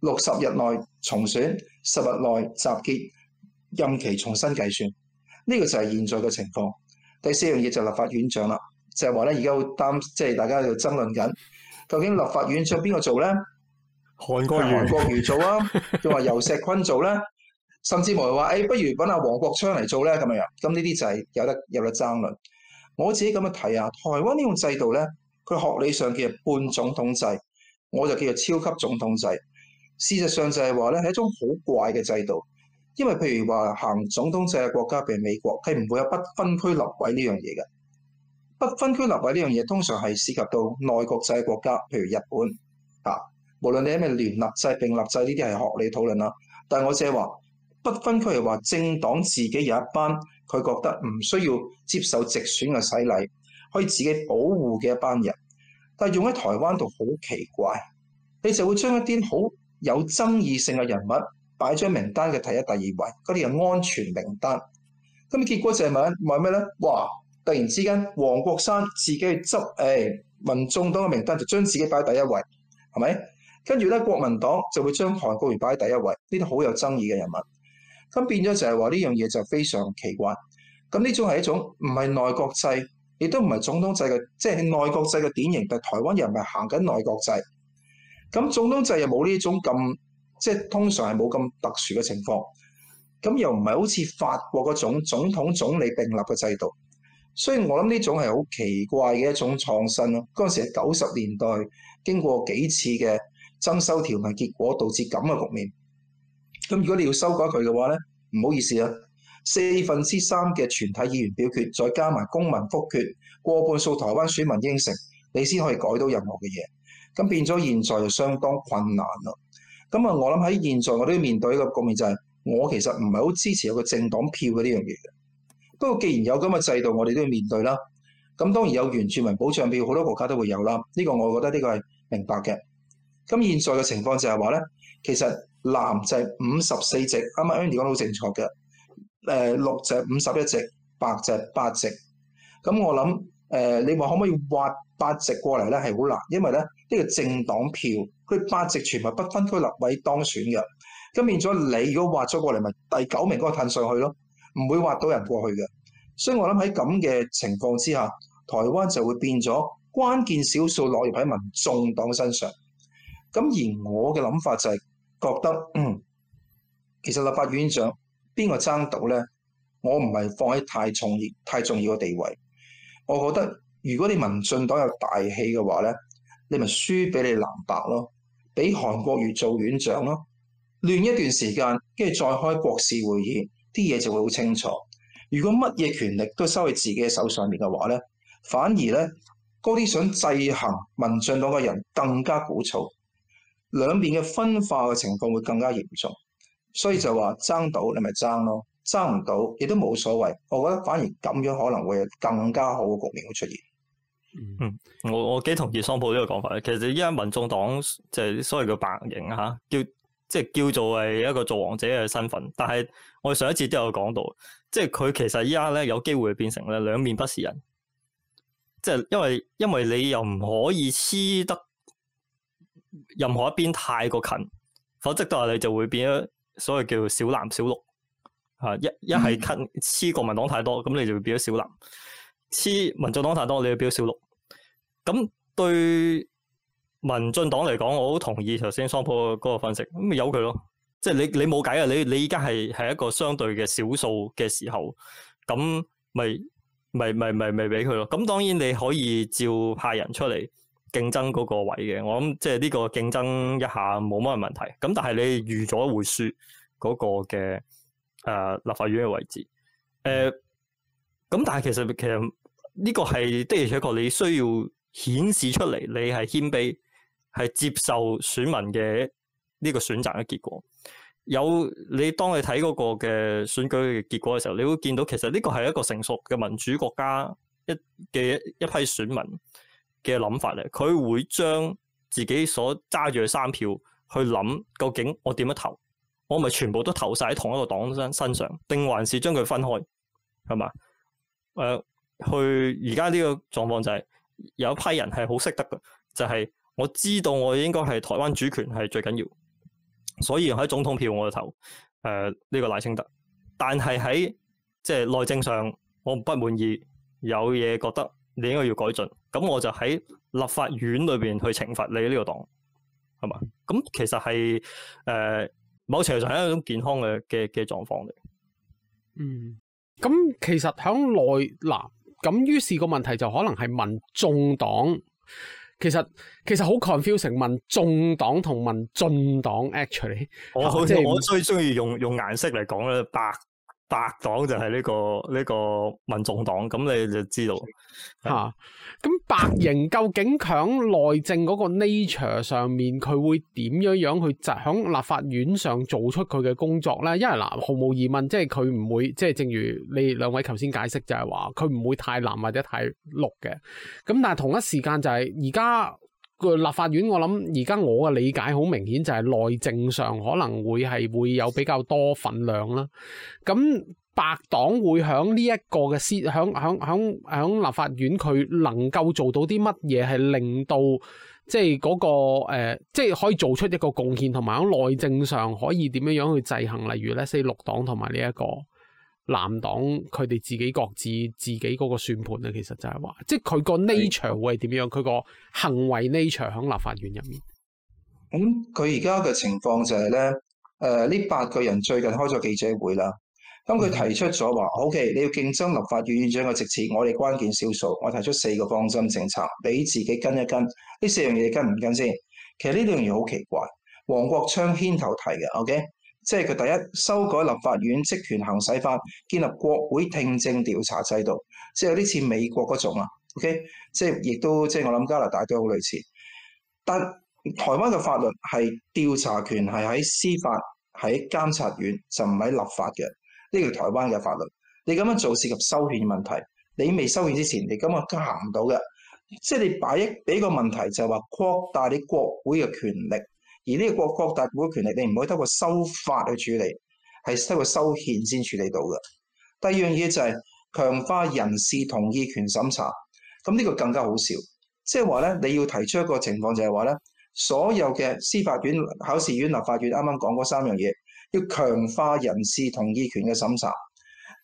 六十日內重選，十日內集結，任期重新計算，呢、這個就係現在嘅情況。第四樣嘢就立法院長啦，就係話咧而家好擔即係大家喺度爭論緊，究竟立法院長邊個做咧？韓國瑜，韓國瑜做啊，又話 由石坤做咧。甚至無人話，誒，不如揾阿黃國昌嚟做呢。咁樣樣。咁呢啲就係有得有得爭論。我自己咁樣睇啊，台灣呢種制度呢，佢學理上叫半總統制，我就叫做超級總統制。事實上就係話呢係一種好怪嘅制度，因為譬如話行總統制嘅國家，譬如美國，佢唔會有不分區立委呢樣嘢嘅。不分區立委呢樣嘢通常係涉及到內國制國家，譬如日本啊，無論你係咪聯立制、並立制，呢啲係學理討論啦。但係我只係話。不分區係話，政黨自己有一班佢覺得唔需要接受直選嘅洗禮，可以自己保護嘅一班人。但係用喺台灣度好奇怪，你就會將一啲好有爭議性嘅人物擺張名單嘅第一、第二位嗰啲係安全名單。咁結果就係問問咩咧？哇！突然之間，黃國山自己去執，誒、哎、民眾黨嘅名單就將自己擺第一位，係咪？跟住咧，國民黨就會將韓國瑜擺喺第一位，呢啲好有爭議嘅人物。咁變咗就係話呢樣嘢就非常奇怪。咁呢種係一種唔係內閣制，亦都唔係總統制嘅，即係內閣制嘅典型。但台灣又唔係行緊內閣制。咁總統制又冇呢種咁，即係通常係冇咁特殊嘅情況。咁又唔係好似法國嗰種總統總理並立嘅制度。所以我諗呢種係好奇怪嘅一種創新咯。嗰陣時係九十年代，經過幾次嘅增修條文，結果導致咁嘅局面。咁如果你要修改佢嘅話咧，唔好意思啊，四分之三嘅全體議員表決，再加埋公民復決，過半數台灣選民應承，你先可以改到任何嘅嘢。咁變咗現在就相當困難啦。咁啊，我諗喺現在我都要面對一個局面，就是，就係我其實唔係好支持有個政黨票嘅呢樣嘢。不過既然有咁嘅制度，我哋都要面對啦。咁當然有原住民保障票，好多國家都會有啦。呢、呢個我覺得呢個係明白嘅。咁現在嘅情況就係話咧，其實。藍就五十四席，啱啱 Andy 講得好正確嘅。誒、呃、六席五十一席，白就八席。咁我諗誒、呃，你話可唔可以挖八席過嚟咧？係好難，因為咧呢、這個政黨票佢八席全部不分區立委當選嘅。咁變咗你如果挖咗過嚟，咪第九名嗰個褪上去咯，唔會挖到人過去嘅。所以我諗喺咁嘅情況之下，台灣就會變咗關鍵少數落入喺民眾黨身上。咁而我嘅諗法就係、是。覺得、嗯、其實立法院長邊個爭到呢？我唔係放喺太重要、太重要嘅地位。我覺得如果你民進黨有大氣嘅話呢，你咪輸俾你藍白咯，俾韓國瑜做院長咯，亂一段時間，跟住再開國事會議，啲嘢就會好清楚。如果乜嘢權力都收喺自己嘅手上面嘅話呢，反而呢，嗰啲想制衡民進黨嘅人更加鼓噪。兩邊嘅分化嘅情況會更加嚴重，所以就話爭到你咪爭咯，爭唔到亦都冇所謂。我覺得反而咁樣可能會有更加好嘅局面會出現。嗯，我我幾同意桑普呢個講法咧。其實依家民眾黨即係所謂嘅白營吓，叫即係叫做係一個做王者嘅身份。但係我哋上一節都有講到，即係佢其實依家咧有機會變成咧兩面不是人，即係因為因為你又唔可以黐得任何一邊太過近，否則就係你就會變咗所謂叫小藍小綠，吓一一係近黐國民黨太多，咁你就會變咗小藍；黐民進黨太多，你又變咗小綠。咁對民進黨嚟講，我好同意頭先桑普嗰個分析，咁咪由佢咯。即係你你冇計啊，你你而家係係一個相對嘅少數嘅時候，咁咪咪咪咪咪俾佢咯。咁當然你可以照派人出嚟。競爭嗰個位嘅，我諗即係呢個競爭一下冇乜問題。咁但係你預咗會輸嗰個嘅誒、呃、立法院嘅位置。誒、呃，咁但係其實其實呢個係的而且確你需要顯示出嚟，你係謙卑，係接受選民嘅呢個選擇嘅結果。有你當你睇嗰個嘅選舉結果嘅時候，你會見到其實呢個係一個成熟嘅民主國家一嘅一批選民。嘅諗法咧，佢會將自己所揸住嘅三票去諗，究竟我點樣投？我咪全部都投晒喺同一個黨身身上，定還是將佢分開？係嘛？誒、呃，去而家呢個狀況就係、是、有一批人係好識得嘅，就係、是、我知道我應該係台灣主權係最緊要，所以喺總統票我就投誒呢、呃這個賴清德。但係喺即係內政上，我不滿意，有嘢覺得。你應該要改進，咁我就喺立法院裏邊去懲罰你呢個黨，係嘛？咁其實係誒、呃，某程度上係一種健康嘅嘅嘅狀況嚟。嗯，咁其實響內南，咁、啊、於是個問題就可能係民眾黨，其實其實好 confusing 民眾黨同民進黨 actually，我最我最中意用用顏色嚟講咧白。呃白黨就係呢個呢個民眾黨，咁你就知道吓。咁白營究竟喺內政嗰個 nature 上面，佢會點樣樣去喺立法院上做出佢嘅工作咧？因為嗱，毫無疑問，即係佢唔會，即係正如你兩位頭先解釋就，就係話佢唔會太藍或者太綠嘅。咁但係同一時間就係而家。個立法院我諗而家我嘅理解好明顯就係內政上可能會係會有比較多份量啦。咁白黨會響呢一個嘅施響響響響立法院佢能夠做到啲乜嘢係令到即係嗰、那個誒、呃、即係可以做出一個貢獻，同埋響內政上可以點樣樣去制衡，例如咧四六黨同埋呢一個。男黨佢哋自己各自自己嗰個算盤啊，其實就係話，即係佢個呢 a t u r e 會係點樣，佢個對行為呢 a t 喺立法院入面。咁佢而家嘅情況就係、是、咧，誒、呃、呢八個人最近開咗記者會啦。咁、嗯、佢、嗯、提出咗話，OK，你要競爭立法院議長嘅直次，我哋關鍵少數，我提出四個方針政策，你自己跟一跟。四跟跟呢四樣嘢跟唔跟先？其實呢兩樣嘢好奇怪。黃國昌牽頭提嘅，OK。即係佢第一修改立法院職權行使法，建立國會聽證調查制度，即係有啲似美國嗰種啊，OK，即係亦都即係我諗加拿大都好類似，但台灣嘅法律係調查權係喺司法、喺監察院，就唔喺立法嘅，呢個台灣嘅法律。你咁樣做涉及修憲問題，你未修憲之前，你咁樣行唔到嘅。即係你擺一俾個，個問題，就係話擴大你國會嘅權力。而呢個國國大會權力，你唔可以通過修法去處理，係通過修憲先處理到嘅。第二樣嘢就係強化人事同意權審查，咁呢個更加好笑，即係話咧，你要提出一個情況就係話咧，所有嘅司法院、考試院、立法院啱啱講嗰三樣嘢，要強化人事同意權嘅審查。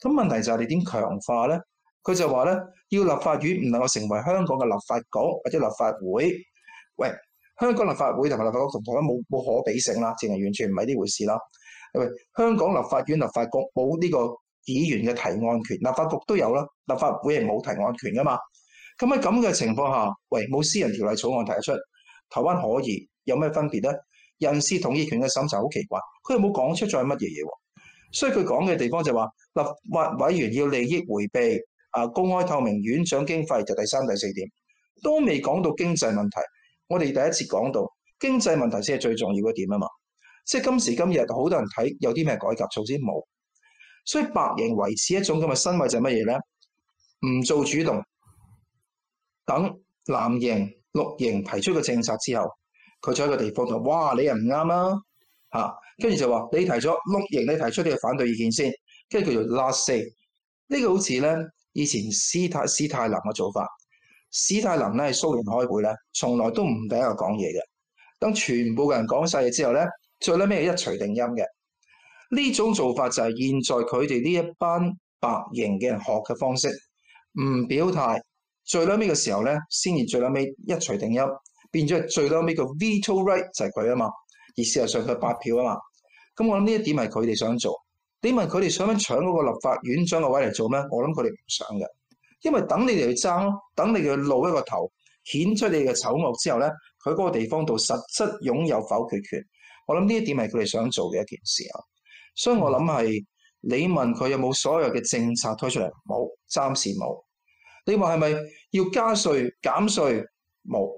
咁問題就係你點強化咧？佢就話咧，要立法院唔能夠成為香港嘅立法局或者立法會，喂。香港立法會同埋立法局同台灣冇冇可比性啦，淨係完全唔係呢回事啦。喂，香港立法院、立法局冇呢個議員嘅提案權，立法局都有啦，立法會係冇提案權噶嘛。咁喺咁嘅情況下，喂冇私人條例草案提出，台灣可以有咩分別咧？人事同意權嘅審查好奇怪，佢冇講出咗係乜嘢嘢。所以佢講嘅地方就話立法委員要利益回避，啊公開透明院長經費就第三第四點，都未講到經濟問題。我哋第一次講到經濟問題先係最重要嘅一點啊嘛，即係今時今日好多人睇有啲咩改革措施冇，所以白營維持一種咁嘅身位就係乜嘢咧？唔做主動，等藍營、綠營提出個政策之後，佢就喺個地方就哇你又唔啱啊嚇，跟、啊、住就話你提咗綠營，你提，你提出呢個反對意見先，跟住叫做 last say。呢個好似咧以前史太史太林嘅做法。史泰林咧喺蘇聯開會咧，從來都唔第一個講嘢嘅。等全部嘅人講晒嘢之後咧，最尾係一錘定音嘅。呢種做法就係現在佢哋呢一班白營嘅人學嘅方式，唔表態，最屘尾嘅時候咧，先至最屘尾一錘定音，變咗最屘尾個 veto right 就係佢啊嘛，而事實上佢八票啊嘛。咁我諗呢一點係佢哋想做。你問佢哋想唔想搶嗰個立法院長嘅位嚟做咩？我諗佢哋唔想嘅。因為等你哋去爭，等你哋去露一個頭，顯出你嘅醜惡之後咧，佢嗰個地方度實質擁有否決權。我諗呢一點係佢哋想做嘅一件事啊。所以我諗係你問佢有冇所有嘅政策推出嚟冇，暫時冇。你話係咪要加稅減稅冇？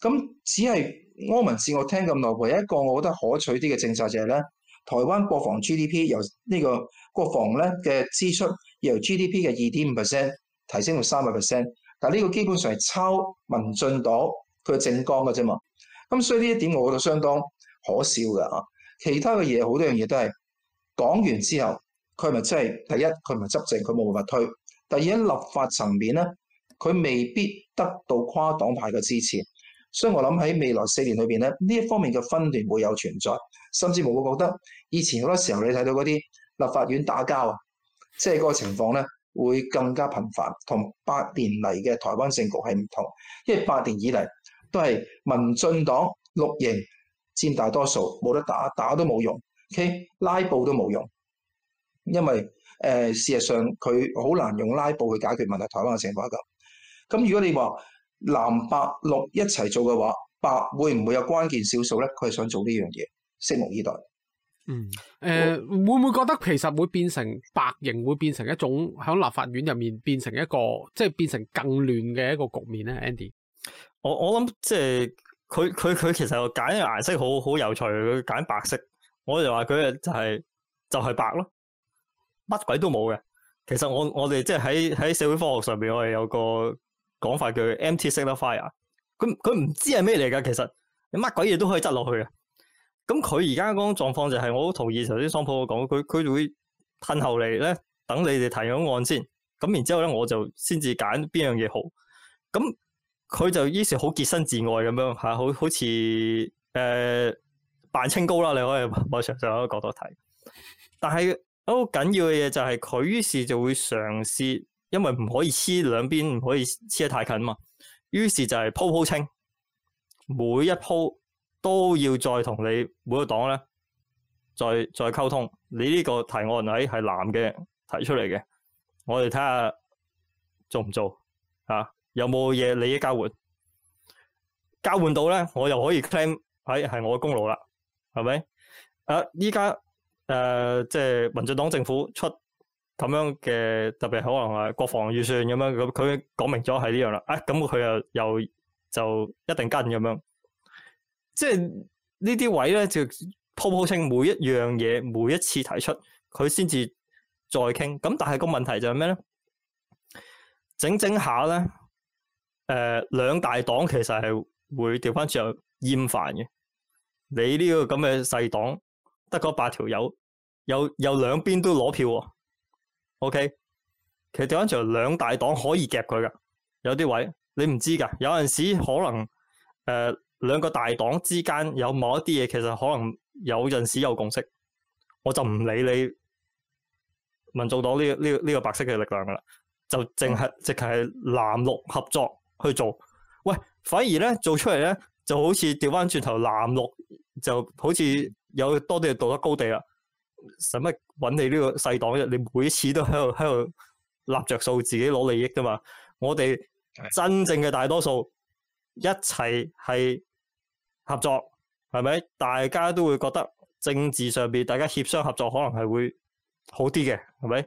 咁只係柯文哲，我聽咁耐，唯一一個我覺得可取啲嘅政策就係、是、咧，台灣國防 G D P 由呢、這個國防咧嘅支出由 G D P 嘅二點五 percent，提升到三百 percent，但係呢個基本上係抄民進黨佢嘅政綱嘅啫嘛。咁所以呢一點我覺得相當可笑嘅啊。其他嘅嘢好多樣嘢都係講完之後，佢咪真係第一佢唔係執政，佢冇辦法推；第二喺立法層面咧，佢未必得到跨黨派嘅支持。所以我諗喺未來四年裏邊咧，呢一方面嘅分斷會有存在，甚至我會覺得以前好多時候你睇到嗰啲立法院打交啊，即係嗰個情況咧。會更加頻繁，同八年嚟嘅台灣政局係唔同，因為八年以嚟都係民進黨綠營佔大多數，冇得打，打都冇用 k、okay? 拉布都冇用，因為誒、呃、事實上佢好難用拉布去解決問題。台灣嘅政局咁，咁如果你話藍白綠一齊做嘅話，白會唔會有關鍵少數呢？佢係想做呢樣嘢，拭目以待。嗯，誒、呃，會唔會覺得其實會變成白形會變成一種喺立法院入面變成一個，即係變成更亂嘅一個局面咧？Andy，我我諗即係佢佢佢其實揀嘅顏色好好有趣，佢揀白色，我就話、是、佢就係就係白咯，乜鬼都冇嘅。其實我我哋即係喺喺社會科學上面，我哋有個講法叫 empty signifier，佢佢唔知係咩嚟噶。其實你乜鬼嘢都可以執落去啊！咁佢而家嗰種狀況就係、是，我好同意頭先桑普我講，佢佢會褪後嚟咧，等你哋提咗案先，咁然後之後咧，我就先至揀邊樣嘢好。咁佢就於是好潔身自愛咁樣吓，好好似誒扮清高啦，你可以我上上一個角度睇。但係好緊要嘅嘢就係，佢於是就會嘗試，因為唔可以黐兩邊，唔可以黐得太近嘛。於是就係鋪鋪清，每一鋪。都要再同你每個黨咧，再再溝通。你呢個提案喺係藍嘅提出嚟嘅，我哋睇下做唔做啊？有冇嘢利益交換？交換到咧，我又可以 claim 喺、哎、係我嘅功勞啦，係咪？啊，依家誒，即、呃、係、就是、民進黨政府出咁樣嘅，特別可能係國防預算咁樣咁，佢講明咗係呢樣啦。啊，咁佢又又就一定跟咁樣。即係呢啲位咧，就鋪鋪清每一樣嘢，每一次提出佢先至再傾。咁但係個問題就係咩咧？整整下咧，誒、呃，兩大黨其實係會調翻轉嚟厭煩嘅。你呢、這個咁嘅細黨得嗰八條友，有又兩邊都攞票喎、哦。OK，其實調翻轉嚟兩大黨可以夾佢噶，有啲位你唔知噶，有陣時可能誒。呃兩個大黨之間有某一啲嘢，其實可能有陣時有共識，我就唔理你民眾黨呢個呢呢個白色嘅力量噶啦，就淨係直係藍綠合作去做。喂，反而咧做出嚟咧，就好似調翻轉頭，藍綠就好似有多啲道德高地啦。使乜揾你呢個細黨啫？你每次都喺度喺度立着數，自己攞利益噶嘛。我哋真正嘅大多數。一齊係合作，係咪？大家都會覺得政治上邊大家協商合作可能係會好啲嘅，係咪？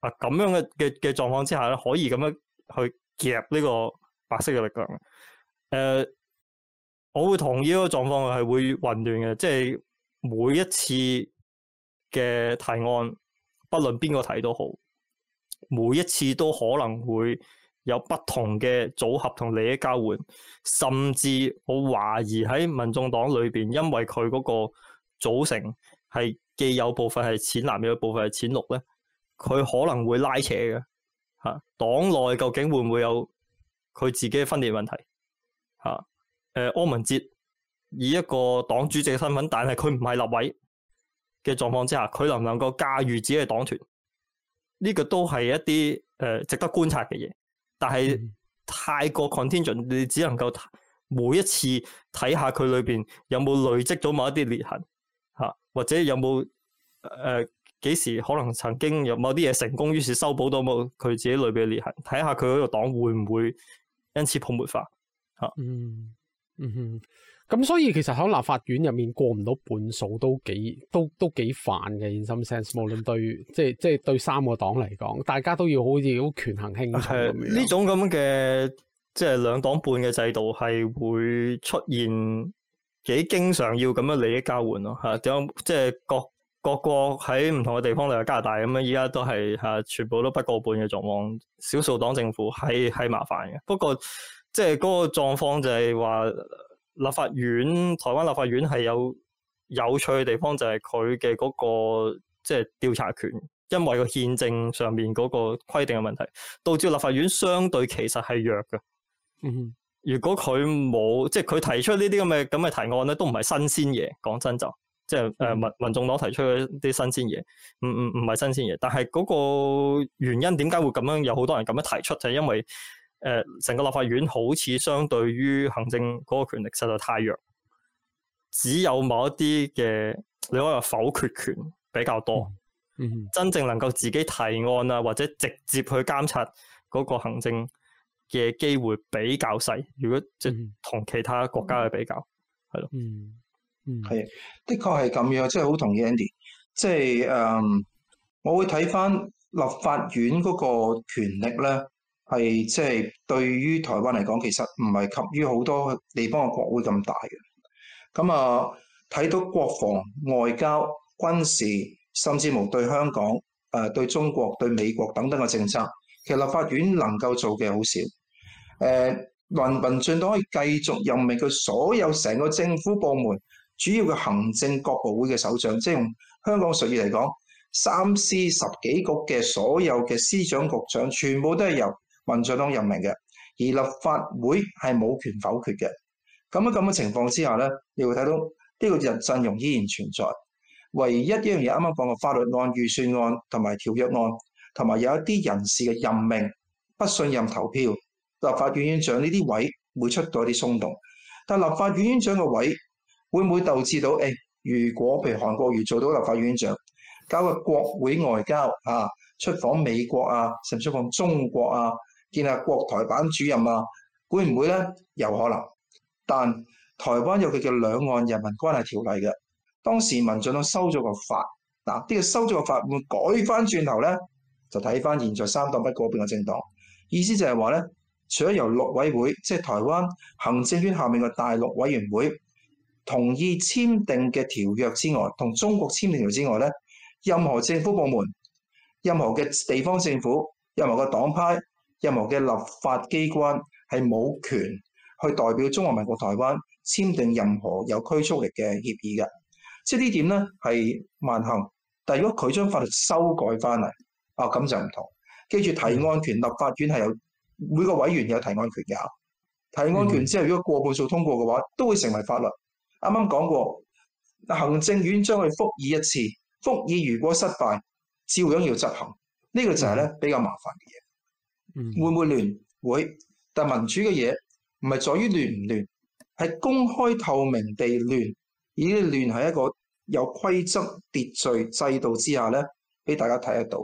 啊，咁樣嘅嘅嘅狀況之下咧，可以咁樣去夾呢個白色嘅力量。誒、呃，我會同意呢個狀況係會混亂嘅，即係每一次嘅提案，不論邊個睇都好，每一次都可能會。有不同嘅組合同利益交換，甚至我懷疑喺民眾黨裏邊，因為佢嗰個組成係既有部分係淺藍，有部分係淺綠咧，佢可能會拉扯嘅嚇。黨內究竟會唔會有佢自己嘅分裂問題嚇？誒，柯文哲以一個黨主席身份，但係佢唔係立委嘅狀況之下，佢能唔能夠駕馭自己嘅黨團？呢個都係一啲誒值得觀察嘅嘢。但係太過 contingent，你只能夠每一次睇下佢裏邊有冇累積咗某一啲裂痕嚇，或者有冇誒幾時可能曾經有某啲嘢成功，於是修補到冇佢自己裏邊嘅裂痕，睇下佢嗰個黨會唔會因此泡沫化嚇。啊嗯嗯哼咁所以其實喺立法院入面過唔到半數都幾都都幾煩嘅，in some sense，無論對即係即係對三個黨嚟講，大家都要好似好權衡輕重。呢種咁嘅即係兩黨半嘅制度係會出現幾經常要咁樣利益交換咯吓，點即係各各國喺唔同嘅地方，例如加拿大咁樣，依家都係吓全部都不過半嘅狀況，少數黨政府係係麻煩嘅。不過即係嗰個狀況就係話。立法院，台灣立法院係有有趣嘅地方就、那個，就係佢嘅嗰個即係調查權，因為個憲政上面嗰個規定嘅問題，導致立法院相對其實係弱嘅。嗯，如果佢冇，即係佢提出呢啲咁嘅咁嘅提案咧，都唔係新鮮嘢。講真就，即係誒民民眾黨提出嘅啲新鮮嘢，唔唔唔係新鮮嘢。但係嗰個原因點解會咁樣有好多人咁樣提出就係、是、因為。誒，成個立法院好似相對於行政嗰個權力實在太弱，只有某一啲嘅，你可以話否決權比較多，嗯，嗯，真正能夠自己提案啊，或者直接去監察嗰個行政嘅機會比較細。如果即同、嗯、其他國家去比較，係咯、嗯，嗯，係的，的確係咁樣，即係好同意 Andy，即、就、係、是、誒，um, 我會睇翻立法院嗰個權力咧。係即係對於台灣嚟講，其實唔係及於好多地方嘅國會咁大嘅。咁、嗯、啊，睇到國防、外交、軍事，甚至乎對香港、誒對中國、對美國等等嘅政策，其實立法院能夠做嘅好少。誒、嗯、民民進黨可以繼續任命佢所有成個政府部門主要嘅行政各部會嘅首長，即係香港俗語嚟講，三司十幾局嘅所有嘅司長局長，全部都係由民進黨任命嘅，而立法會係冇權否決嘅。咁喺咁嘅情況之下呢，你會睇到呢個陣陣容依然存在。唯一一樣嘢，啱啱講嘅法律案、預算案同埋條約案，同埋有一啲人士嘅任命、不信任投票、立法院院長呢啲位會出到一啲鬆動。但立法院院長嘅位會唔會導致到？誒、哎，如果譬如韓國瑜做到立法院院長，搞個國會外交啊，出訪美國啊，甚至出訪中國啊？見下國台版主任啊，會唔會呢？有可能，但台灣有個叫《兩岸人民關係條例》嘅。當時民進黨收咗個法嗱，呢個收咗個法會改翻轉頭呢？就睇翻現在三黨不過邊個政黨。意思就係話呢，除咗由陸委會即係台灣行政院下面嘅大陸委員會同意簽訂嘅條約之外，同中國簽訂條之外呢，任何政府部門、任何嘅地方政府、任何個黨派。任何嘅立法機關係冇權去代表中華民國台灣簽訂任何有拘束力嘅協議嘅，即係呢點呢係萬幸。但如果佢將法律修改翻嚟，啊、哦、咁就唔同。記住提案權，立法院係有每個委員有提案權嘅。提案權之後，如果過半數通過嘅話，都會成為法律。啱啱講過，行政院將去覆議一次，覆議如果失敗，照樣要執行。呢、這個就係咧比較麻煩嘅嘢。會唔會亂會？但民主嘅嘢唔係在於亂唔亂，係公開透明地亂，而呢亂係一個有規則秩序制度之下咧，俾大家睇得到，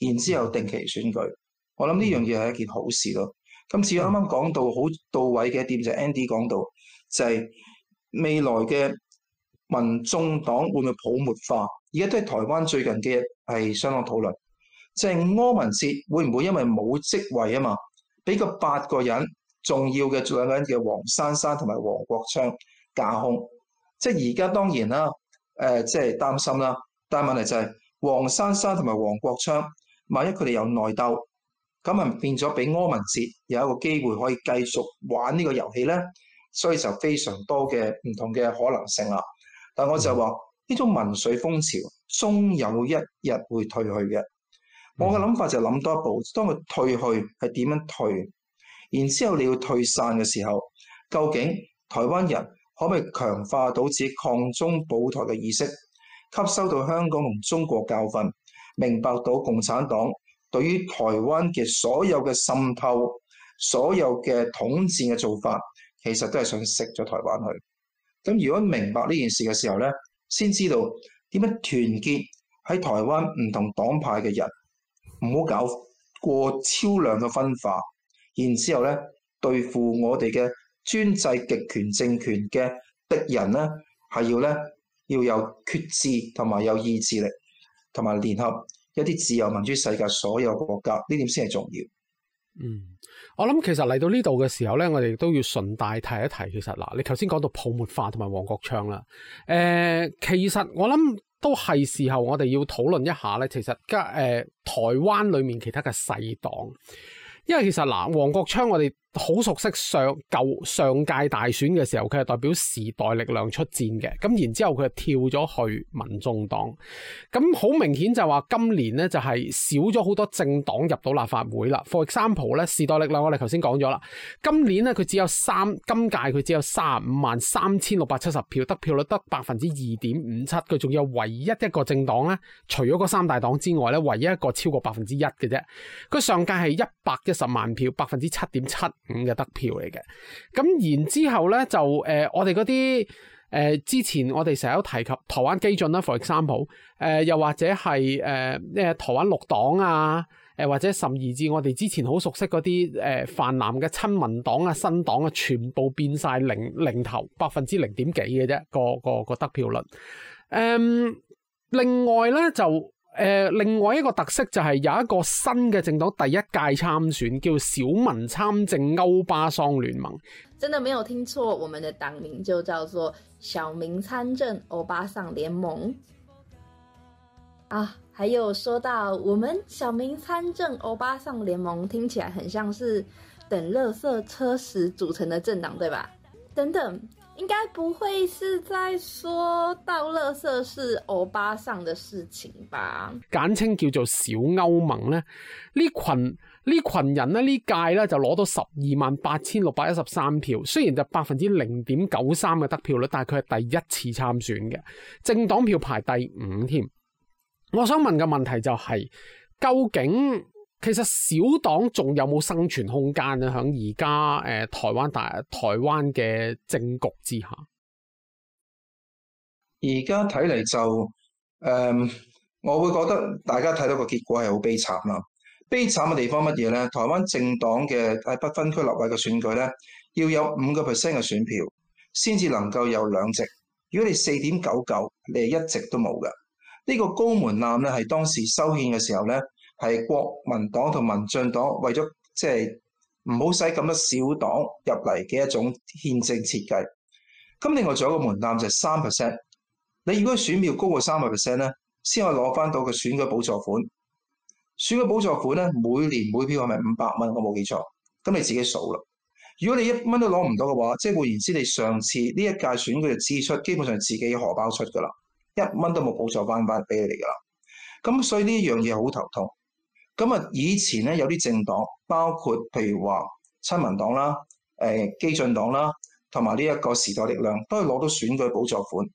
然之後定期選舉。嗯、我諗呢樣嘢係一件好事咯。嗯、今次啱啱講到好到位嘅一點就係、是、Andy 講到，就係、是、未來嘅民眾黨會唔會泡沫化？而家都係台灣最近嘅係相當討論。即係柯文哲會唔會因為冇職位啊嘛，俾個八個人重要嘅兩個人叫黃珊珊同埋黃國昌架空。即係而家當然啦，誒、呃，即係擔心啦。但係問題就係、是、黃珊珊同埋黃國昌，萬一佢哋有內鬥，咁啊變咗俾柯文哲有一個機會可以繼續玩個遊戲呢個遊戲咧。所以就非常多嘅唔同嘅可能性啦。但我就話呢、嗯、種民粹風潮終有一日會退去嘅。我嘅諗法就係諗多一步，當佢退去係點樣退，然之後你要退散嘅時候，究竟台灣人可唔可以強化到自己抗中保台嘅意識，吸收到香港同中國教訓，明白到共產黨對於台灣嘅所有嘅滲透、所有嘅統戰嘅做法，其實都係想食咗台灣去。咁如果明白呢件事嘅時候呢，先知道點樣團結喺台灣唔同黨派嘅人。唔好搞過超量嘅分化，然之後咧對付我哋嘅專制極權政權嘅敵人咧，係要咧要有決志同埋有意志力，同埋聯合一啲自由民主世界所有國家，呢點先係重要。嗯，我諗其實嚟到呢度嘅時候咧，我哋都要順帶提一提，其實嗱，你頭先講到泡沫化同埋黃國昌啦，誒、呃，其實我諗。都係時候，我哋要討論一下咧。其實家誒、呃、台灣裏面其他嘅細黨，因為其實嗱，黃國昌我哋。好熟悉上舊上屆大選嘅時候，佢係代表時代力量出戰嘅，咁然之後佢就跳咗去民眾黨。咁好明顯就話今年呢就係少咗好多政黨入到立法會啦。For example 呢，時代力量我哋頭先講咗啦，今年呢，佢只有三，今屆佢只有三十五萬三千六百七十票，得票率得百分之二點五七，佢仲有唯一一個政黨呢，除咗個三大黨之外呢，唯一一個超過百分之一嘅啫。佢上屆係一百一十萬票，百分之七點七。咁嘅得票嚟嘅，咁然之後咧就誒、呃，我哋嗰啲誒，之前我哋成日都提及台灣基進啦，for example，誒、呃，又或者係誒，即台灣綠黨啊，誒、呃，或者甚而至我哋之前好熟悉嗰啲誒，泛藍嘅親民黨啊、新黨啊，全部變晒零零頭，百分之零點幾嘅啫，個個個，個得票率，誒、嗯，另外咧就。呃、另外一個特色就係有一個新嘅政黨第一屆參選，叫小民參政歐巴桑聯盟。真的沒有聽錯，我們的黨名就叫做小民參政歐巴桑聯盟。啊，還有說到我們小民參政歐巴桑聯盟，聽起來很像是等垃圾車時組成的政黨，對吧？等等。應該不會是在說到樂色是歐巴桑的事情吧？簡稱叫做小歐盟咧，呢群呢群人呢，呢屆呢，就攞到十二萬八千六百一十三票，雖然就百分之零點九三嘅得票率，但係佢係第一次參選嘅，政黨票排第五添。我想問嘅問題就係、是，究竟？其實小黨仲有冇生存空間咧？喺而家誒，台灣大台灣嘅政局之下，而家睇嚟就誒、嗯，我會覺得大家睇到個結果係好悲慘啦。悲慘嘅地方乜嘢咧？台灣政黨嘅喺不分區立委嘅選舉咧，要有五個 percent 嘅選票先至能夠有兩席。如果你四點九九，你係一席都冇嘅。呢個高門檻咧，係當時修憲嘅時候咧。係國民黨同民進黨為咗即係唔好使咁多小黨入嚟嘅一種憲政設計。咁另外仲有個門檻就係三 percent。你如果選票高過三 percent 咧，先可以攞翻到佢選舉補助款。選舉補助款咧，每年每票係咪五百蚊？我冇記錯，咁你自己數啦。如果你一蚊都攞唔到嘅話，即係換言之，你上次呢一屆選舉嘅支出基本上自己荷包出㗎啦，一蚊都冇補助翻返俾你㗎啦。咁所以呢樣嘢好頭痛。咁啊！以前咧有啲政黨，包括譬如話親民黨啦、誒基進黨啦，同埋呢一個時代力量，都係攞到選舉補助款，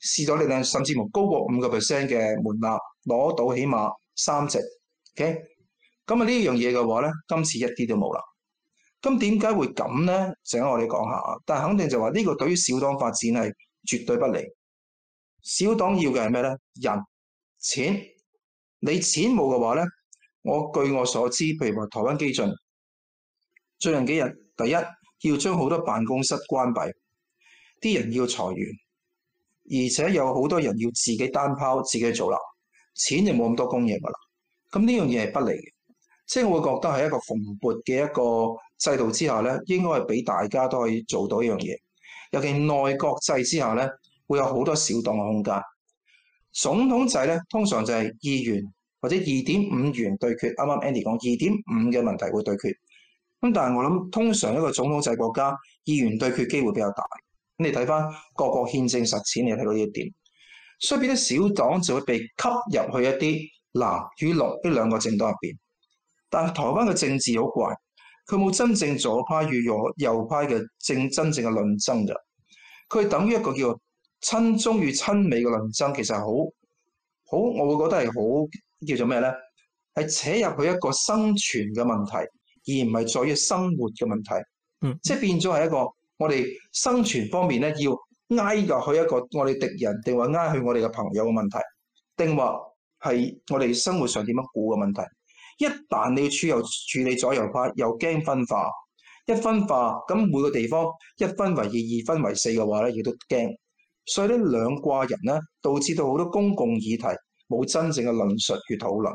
時代力量甚至乎高過五個 percent 嘅門檻，攞到起碼三席。OK，咁啊呢樣嘢嘅話咧，今次一啲都冇啦。咁點解會咁咧？等我哋講下。但係肯定就話呢個對於小黨發展係絕對不利。小黨要嘅係咩咧？人、錢。你錢冇嘅話咧？我據我所知，譬如話台灣基進，最近幾日第一要將好多辦公室關閉，啲人要裁員，而且有好多人要自己單拋自己做啦，錢就冇咁多供應噶啦。咁呢樣嘢係不利嘅，即係我會覺得喺一個蓬勃嘅一個制度之下咧，應該係俾大家都可以做到一樣嘢，尤其內閣制之下咧，會有好多小黨嘅空間。總統制咧，通常就係議員。或者二點五元對決，啱啱 Andy 講二點五嘅問題會對決，咁但係我諗通常一個總統制國家二元對決機會比較大，咁你睇翻各國憲政實踐，你睇到呢一點，所以變咗小黨就會被吸入去一啲藍與綠呢兩個政黨入邊，但係台灣嘅政治好怪，佢冇真正左派與右派嘅正真正嘅論爭嘅，佢等於一個叫親中與親美嘅論爭，其實係好好我會覺得係好。叫做咩咧？係扯入去一個生存嘅問題，而唔係在於生活嘅問題。嗯，即係變咗係一個我哋生存方面咧，要挨入去一個我哋敵人，定話挨去我哋嘅朋友嘅問題，定話係我哋生活上點樣估嘅問題。一旦你要處處理左右派，又驚分化，一分化咁每個地方一分為二，二分為四嘅話咧，亦都驚。所以咧，兩卦人咧，導致到好多公共議題。冇真正嘅論述去討論，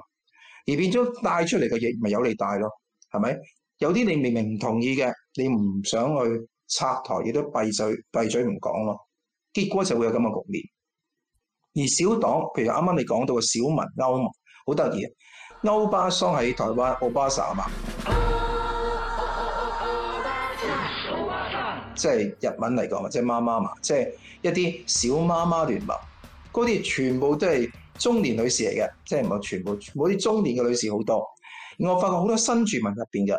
而變咗帶出嚟嘅嘢咪有你帶咯，係咪？有啲你明明唔同意嘅，你唔想去拆台，亦都閉嘴閉嘴唔講咯，結果就會有咁嘅局面。而小黨，譬如啱啱你講到嘅小民歐盟，好得意啊！歐巴桑喺台灣，歐巴莎啊嘛，即係日文嚟講，即係媽媽嘛，即係一啲小媽媽聯盟，嗰啲全部都係。中年女士嚟嘅，即係唔係全部冇啲中年嘅女士好多。我發覺好多新住民入邊嘅，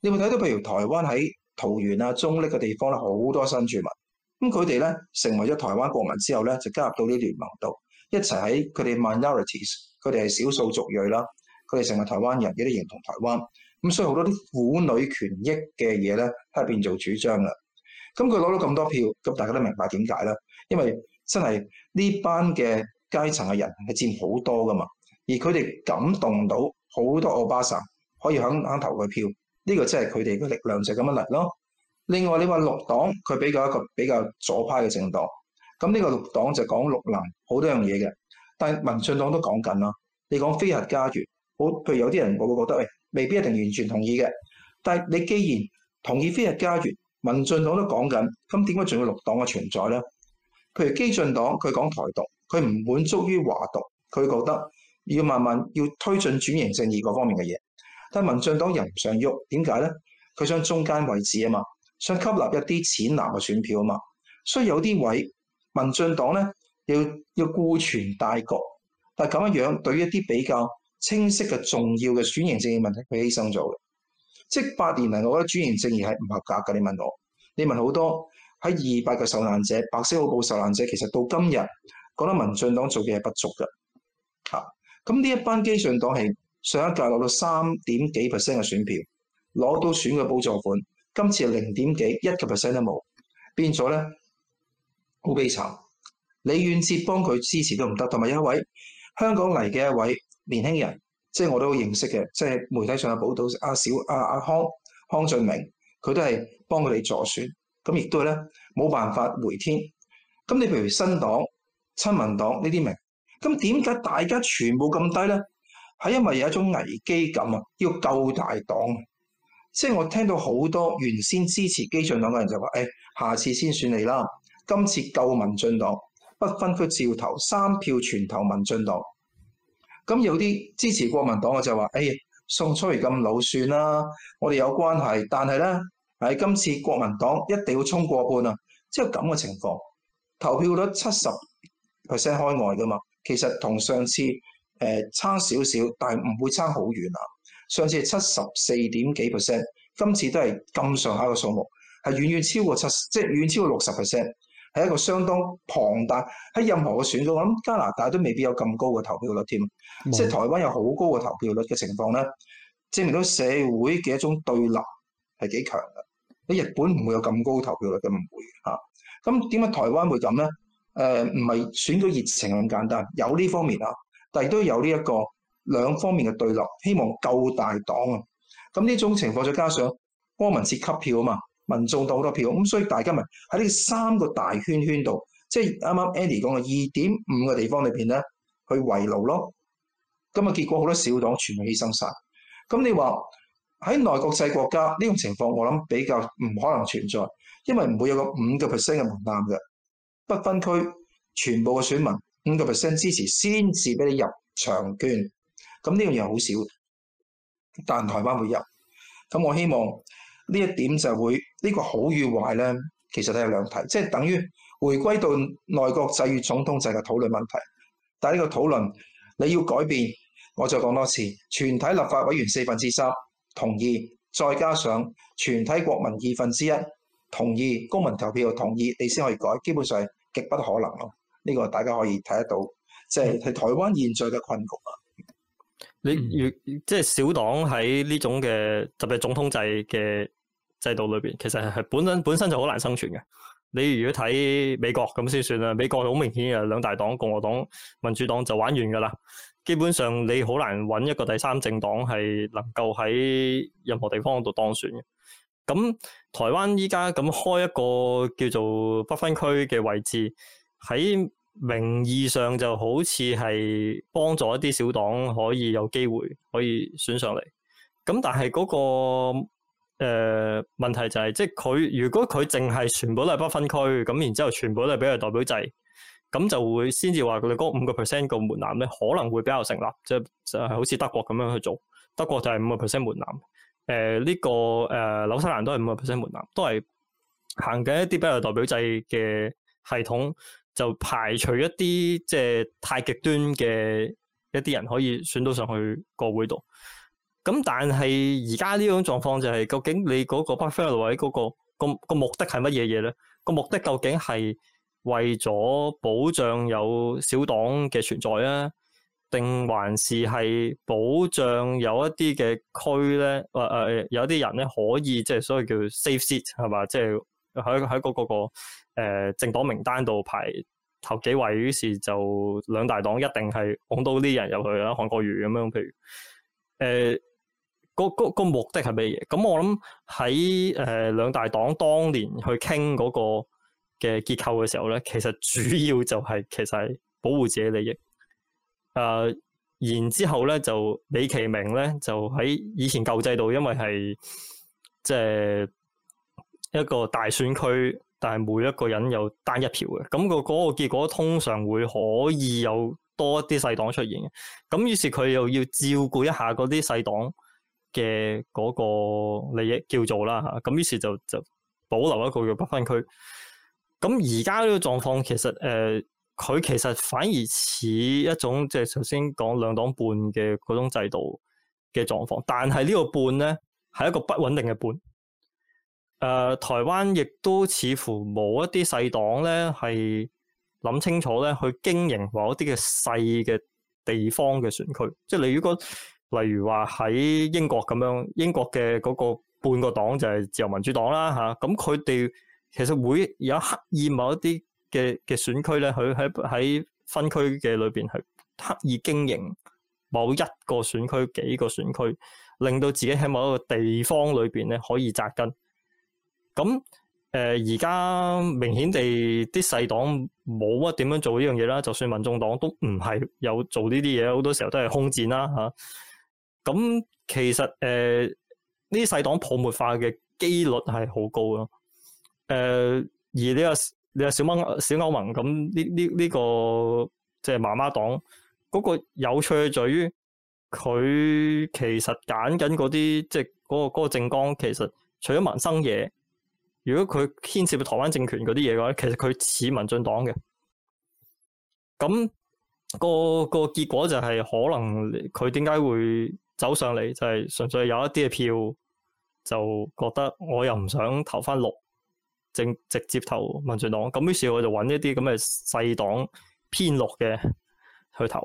你會睇到？譬如台灣喺桃園啊、中呢個地方咧，好多新住民，咁佢哋咧，成為咗台灣國民之後咧，就加入到呢聯盟度一齊喺佢哋 minorities，佢哋係少數族裔啦。佢哋成為台灣人，亦都認同台灣咁，所以好多啲婦女權益嘅嘢咧喺入邊做主張嘅。咁佢攞到咁多票，咁大家都明白點解啦？因為真係呢班嘅。階層嘅人係佔好多噶嘛，而佢哋感動到好多歐巴桑可以肯肯投佢票，呢、這個真係佢哋嘅力量就咁樣嚟咯。另外你話綠黨，佢比較一個比較左派嘅政黨，咁、嗯、呢、這個綠黨就講綠能好多樣嘢嘅，但係民進黨都講緊啦、啊。你講非核家園，我譬如有啲人我會覺得喂、欸，未必一定完全同意嘅。但係你既然同意非核家園，民進黨都講緊，咁點解仲要綠黨嘅存在呢？譬如基進黨佢講台獨。佢唔滿足於華獨，佢覺得要慢慢要推進轉型正義嗰方面嘅嘢。但民進黨人唔想喐，點解咧？佢想中間位置啊嘛，想吸納一啲淺藍嘅選票啊嘛。所以有啲位民進黨咧，要要顧全大局。但咁樣樣對於一啲比較清晰嘅重要嘅轉型正義問題，佢犧牲咗嘅。即八年嚟，我覺得轉型正義係唔合格嘅。你問我，你問好多喺二二八嘅受難者、白色恐怖受難者，其實到今日，覺得民進黨做嘅係不足嘅，嚇咁呢一班基進黨係上一屆落到三點幾 percent 嘅選票，攞到選嘅補助款，今次係零點幾一 percent 都冇，變咗咧好悲慘。李遠哲幫佢支持都唔得，同埋有一位香港嚟嘅一位年輕人，即係我都好認識嘅，即係媒體上有報導阿、啊、小阿阿、啊、康康俊明，佢都係幫佢哋助選，咁亦都係咧冇辦法回天。咁你譬如新黨。親民黨呢啲名，咁點解大家全部咁低呢？係因為有一種危機感啊，要救大黨。即係我聽到好多原先支持基進黨嘅人就話，誒，下次先選你啦，今次救民進黨，不分區照投三票全投民進黨。咁有啲支持國民黨嘅就話，誒，宋楚瑜咁老算啦，我哋有關係，但係呢，喺今次國民黨一定要衝過半啊！即係咁嘅情況，投票率七十。percent 開外噶嘛？其實同上次誒、呃、差少少，但係唔會差好遠啊！上次係七十四點幾 percent，今次都係咁上下個數目，係遠遠超過七十，即係遠遠超過六十 percent，係一個相當龐大，喺任何嘅選舉，我諗加拿大都未必有咁高嘅投票率添，即係台灣有好高嘅投票率嘅情況咧，證明到社會嘅一種對立係幾強嘅。喺日本唔會有咁高投票率嘅，唔會吓，咁點解台灣會咁咧？誒唔係選舉熱情咁簡單，有呢方面啊，但係都有呢一個兩方面嘅對立，希望夠大黨啊。咁、嗯、呢種情況再加上公民設級票啊嘛，民眾到好多票，咁、嗯、所以大家咪喺呢三個大圈圈度，即係啱啱 Andy 講嘅二點五個嘅地方裏邊咧，去圍爐咯。咁、嗯、啊結果好多小黨全部犧牲晒。咁、嗯、你話喺內國際國家呢種情況，我諗比較唔可能存在，因為唔會有個五個 percent 嘅門檻嘅。不分區全部嘅選民五個 percent 支持先至俾你入場券，咁呢樣嘢好少，但台灣會有。咁我希望呢一點就會呢、呢個好與壞呢，其實都有兩睇，即係等於回歸到內閣制與總統制嘅討論問題。但係呢個討論你要改變，我再講多次，全體立法委員四分之三同意，再加上全體國民二分之一。同意公民投票同意，你先可以改，基本上極不可能咯。呢個大家可以睇得到，即係係台灣現在嘅困局啊！嗯、你要即係小黨喺呢種嘅特別總統制嘅制度裏邊，其實係本身本身就好難生存嘅。你如果睇美國咁先算啦，美國好明顯啊，兩大黨共和黨民主黨就玩完噶啦。基本上你好難揾一個第三政黨係能夠喺任何地方度當選嘅。咁台灣依家咁開一個叫做不分區嘅位置，喺名義上就好似係幫助一啲小黨可以有機會可以選上嚟。咁但係嗰、那個誒、呃、問題就係、是，即係佢如果佢淨係全部都係不分區，咁然之後全部都係比例代表制，咁就會先至話佢嗰五個 percent 個門檻咧，可能會比較成立，即係就係、是、好似德國咁樣去做。德國就係五個 percent 門檻。誒，呢、呃這個誒紐、呃、西蘭都係五個 percent 門檻，都係行緊一啲比較代表制嘅系統，就排除一啲即係太極端嘅一啲人可以選到上去國會度。咁、嗯、但係而家呢種狀況就係、是，究竟你嗰個 buffer 位嗰、嗰個、嗰個、嗰個目的係乜嘢嘢咧？嗰個目的究竟係為咗保障有小黨嘅存在啊？定還是係保障有一啲嘅區咧，誒、呃、誒，有啲人咧可以即係所謂叫 safe seat 係嘛，即係喺喺嗰個個誒、呃、政黨名單度排頭幾位，於是就兩大黨一定係捧到啲人入去啦，韓國瑜咁樣。譬如誒，嗰、呃、個目的係咩嘢？咁我諗喺誒兩大黨當年去傾嗰個嘅結構嘅時候咧，其實主要就係、是、其實係保護自己利益。誒、啊，然之後咧就李其明咧就喺以前舊制度，因為係即係一個大選區，但係每一個人有單一票嘅，咁個嗰個結果通常會可以有多一啲細黨出現嘅，咁於是佢又要照顧一下嗰啲細黨嘅嗰個利益叫做啦吓，咁於是就就保留一個叫不分區。咁而家呢個狀況其實誒。呃佢其實反而似一種即係頭先講兩黨半嘅嗰種制度嘅狀況，但係呢個半咧係一個不穩定嘅半。誒、呃，台灣亦都似乎冇一啲細黨咧係諗清楚咧去經營某一啲嘅細嘅地方嘅選區，即係你如果例如話喺英國咁樣，英國嘅嗰個半個黨就係自由民主黨啦嚇，咁佢哋其實會有刻意某一啲。嘅嘅選區咧，佢喺喺分區嘅裏邊係刻意經營某一個選區、幾個選區，令到自己喺某一個地方裏邊咧可以紮根。咁誒，而、呃、家明顯地啲細黨冇乜點樣做呢樣嘢啦，就算民眾黨都唔係有做呢啲嘢，好多時候都係空戰啦嚇。咁、啊、其實誒，呢啲、呃、細黨泡沫化嘅機率係好高咯。誒、呃，而呢、呢個。你話小歐，小歐盟，咁呢，呢呢個即係媽媽黨嗰個，有趣在於佢其實揀緊嗰啲即係嗰、嗰個那個政綱，其實除咗民生嘢，如果佢牽涉到台灣政權嗰啲嘢嘅話，其實佢似民進黨嘅。咁、嗰個個結果就係可能佢點解會走上嚟，就係、是、純粹有一啲嘅票就覺得我又唔想投翻綠。正直接投民進黨，咁於是我就揾一啲咁嘅細黨偏綠嘅去投，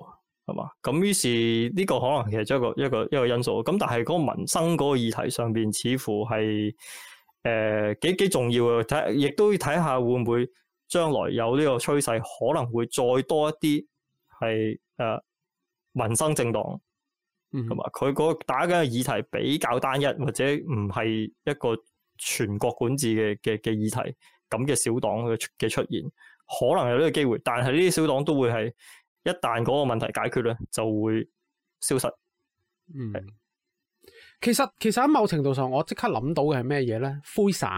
係嘛？咁於是呢個可能其實一個一個一個因素。咁但係嗰民生嗰個議題上邊，似乎係誒幾幾重要嘅。睇亦都要睇下會唔會將來有呢個趨勢，可能會再多一啲係誒民生政黨，同埋佢個打嘅議題比較單一，或者唔係一個。全國管治嘅嘅嘅議題，咁嘅小黨嘅嘅出現，可能有呢個機會，但係呢啲小黨都會係一旦嗰個問題解決咧，就會消失。嗯，其實其實喺某程度上，我即刻諗到嘅係咩嘢咧？灰省，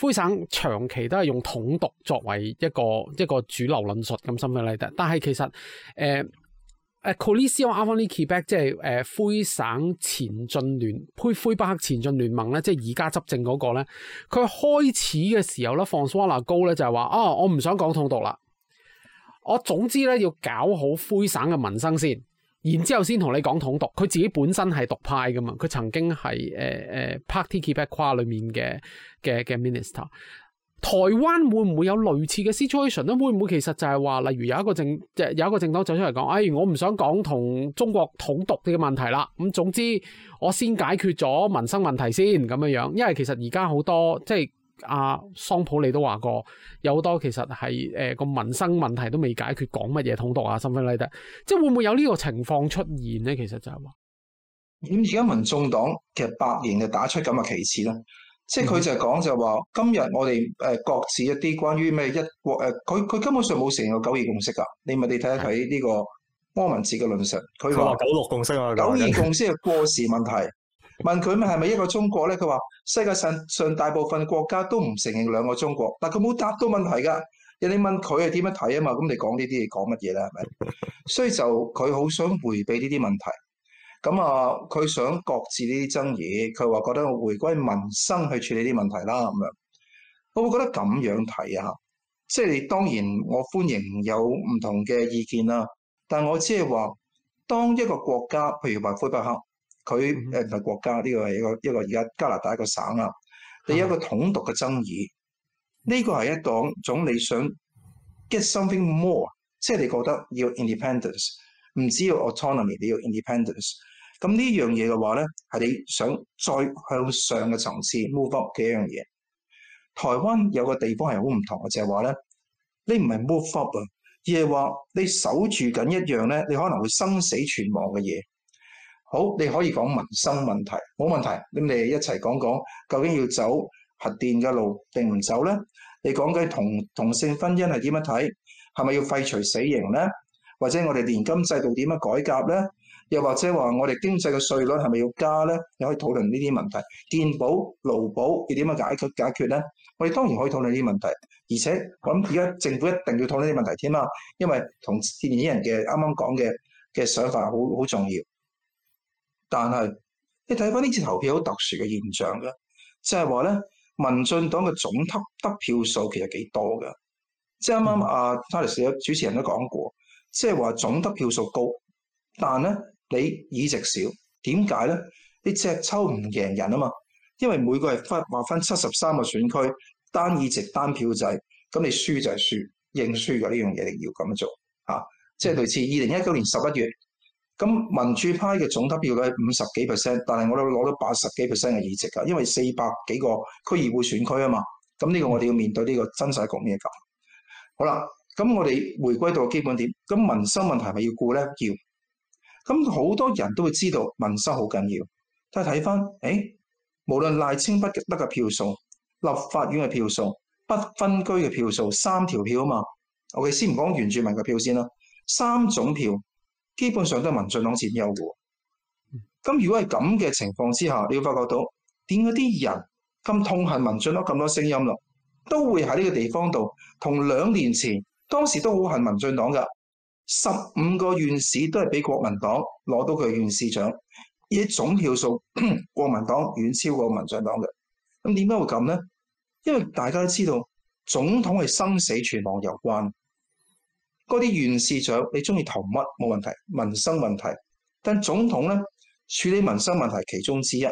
灰省長期都係用統獨作為一個一個主流論述咁深入嚟嘅，但係其實誒。呃誒 Coalition Avenir Québec 即係誒魁省前進聯魁魁北克前進聯盟咧，即係而家執政嗰、那個咧，佢開始嘅時候咧 François Legault 咧就係話啊，我唔想講統獨啦，我總之咧要搞好魁省嘅民生先，然之後先同你講統獨。佢自己本身係獨派㗎嘛，佢曾經係誒誒 Parti Québécois 裡面嘅嘅嘅 Minister。台灣會唔會有類似嘅 situation 咧？會唔會其實就係話，例如有一個政即係有一個政黨走出嚟講，哎，我唔想講同中國統獨嘅問題啦。咁總之，我先解決咗民生問題先咁樣樣，因為其實而家好多即係阿、啊、桑普你都話過有好多其實係誒個民生問題都未解決，講乜嘢統獨啊？新分拉特，即係會唔會有呢個情況出現呢？其實就係話咁而家民眾黨其實白營就打出咁嘅旗幟啦。即係佢就係講就話，今日我哋誒各自一啲關於咩一國誒，佢佢根本上冇承認過九二共識㗎。你咪你睇一睇呢個柯文哲嘅論述，佢話九六共識啊，九二共識係過時問題。 問佢咪係咪一個中國咧？佢話世界上上大部分國家都唔承認兩個中國，但佢冇答到問題㗎。人哋問佢係點樣睇啊嘛，咁你講呢啲嘢講乜嘢咧？係咪？所以就佢好想迴避呢啲問題。咁啊，佢、嗯、想擱置呢啲爭議，佢話覺得回歸民生去處理啲問題啦。咁樣，我會覺得咁樣睇啊，即係當然我歡迎有唔同嘅意見啦。但我只係話，當一個國家，譬如話魁北克，佢誒唔係國家，呢個係一個一個而家加拿大一個省啊，你有、mm. 一個統獨嘅爭議，呢個係一黨總理想 get something more，即係你覺得要 independence，唔只要 autonomy，你要 independence。咁呢樣嘢嘅話咧，係你想再向上嘅層次 move up 嘅一樣嘢。台灣有個地方係好唔同嘅，就係話咧，你唔係 move up 啊，而係話你守住緊一樣咧，你可能會生死存亡嘅嘢。好，你可以講民生問題，冇問題。咁你一齊講一講，究竟要走核電嘅路定唔走咧？你講緊同同性婚姻係點樣睇？係咪要廢除死刑咧？或者我哋年金制度點樣改革咧？又或者話，我哋經濟嘅稅率係咪要加咧？你可以討論呢啲問題，健保、勞保要點樣解決解決咧？我哋當然可以討論呢啲問題，而且我諗而家政府一定要討論呢啲問題添啊，因為同電影人嘅啱啱講嘅嘅想法好好重要。但係你睇翻呢次投票好特殊嘅現象嘅，即係話咧民進黨嘅總得得票數其實幾多嘅？即係啱啱啊，Titus 主持人都講過，即係話總得票數高，但咧。你議席少，點解咧？你隻抽唔贏人啊嘛，因為每個係分劃分七十三個選區，單議席單票制，咁你輸就係輸，認輸咗呢樣嘢要咁樣做嚇、啊，即係類似二零一九年十一月，咁民主派嘅總得票率五十幾 percent，但係我都攞到八十幾 percent 嘅議席噶，因為四百幾個區議會選區啊嘛，咁呢個我哋要面對呢個真實局面噶。嗯、好啦，咁我哋回歸到基本點，咁民生問題係咪要顧咧？要。咁好多人都會知道民生好緊要，但係睇翻，誒、哎，無論賴清德嘅票數、立法院嘅票數、不分區嘅票數，三條票啊嘛。我哋先唔講原住民嘅票先啦，三種票基本上都係民進黨佔優嘅。咁如果係咁嘅情況之下，你會發覺到點解啲人咁痛恨民進黨咁多聲音咯，都會喺呢個地方度同兩年前當時都好恨民進黨噶。十五個院士都係俾國民黨攞到佢嘅院士獎，而啲總票數 國民黨遠超過民進黨嘅。咁點解會咁呢？因為大家都知道總統係生死存亡有關。嗰啲院士長你中意投乜冇問題，民生問題。但總統呢，處理民生問題其中之一，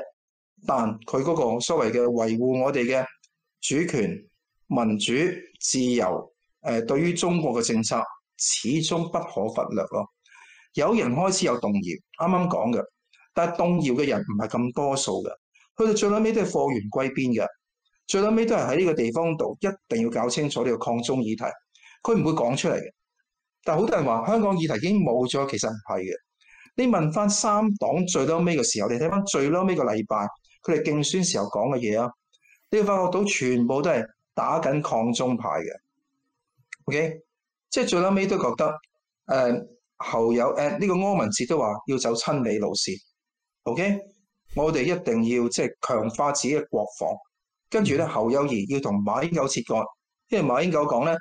但佢嗰個所謂嘅維護我哋嘅主權、民主、自由，誒，對於中國嘅政策。始終不可忽略咯，有人開始有動搖，啱啱講嘅，但係動搖嘅人唔係咁多數嘅，去到最尾都係貨源歸邊嘅，最尾都係喺呢個地方度，一定要搞清楚呢個抗中議題，佢唔會講出嚟嘅。但好多人話香港議題已經冇咗，其實唔係嘅。你問翻三黨最尾嘅時候，你睇翻最尾個禮拜，佢哋競選時候講嘅嘢啊，你會發覺到全部都係打緊抗中派嘅。OK。即係最後尾都覺得，誒、呃、侯友誒呢、呃這個柯文哲都話要走親美路線，OK？我哋一定要即係、就是、強化自己嘅國防，跟住咧侯友宜要同馬英九切割，因為馬英九講咧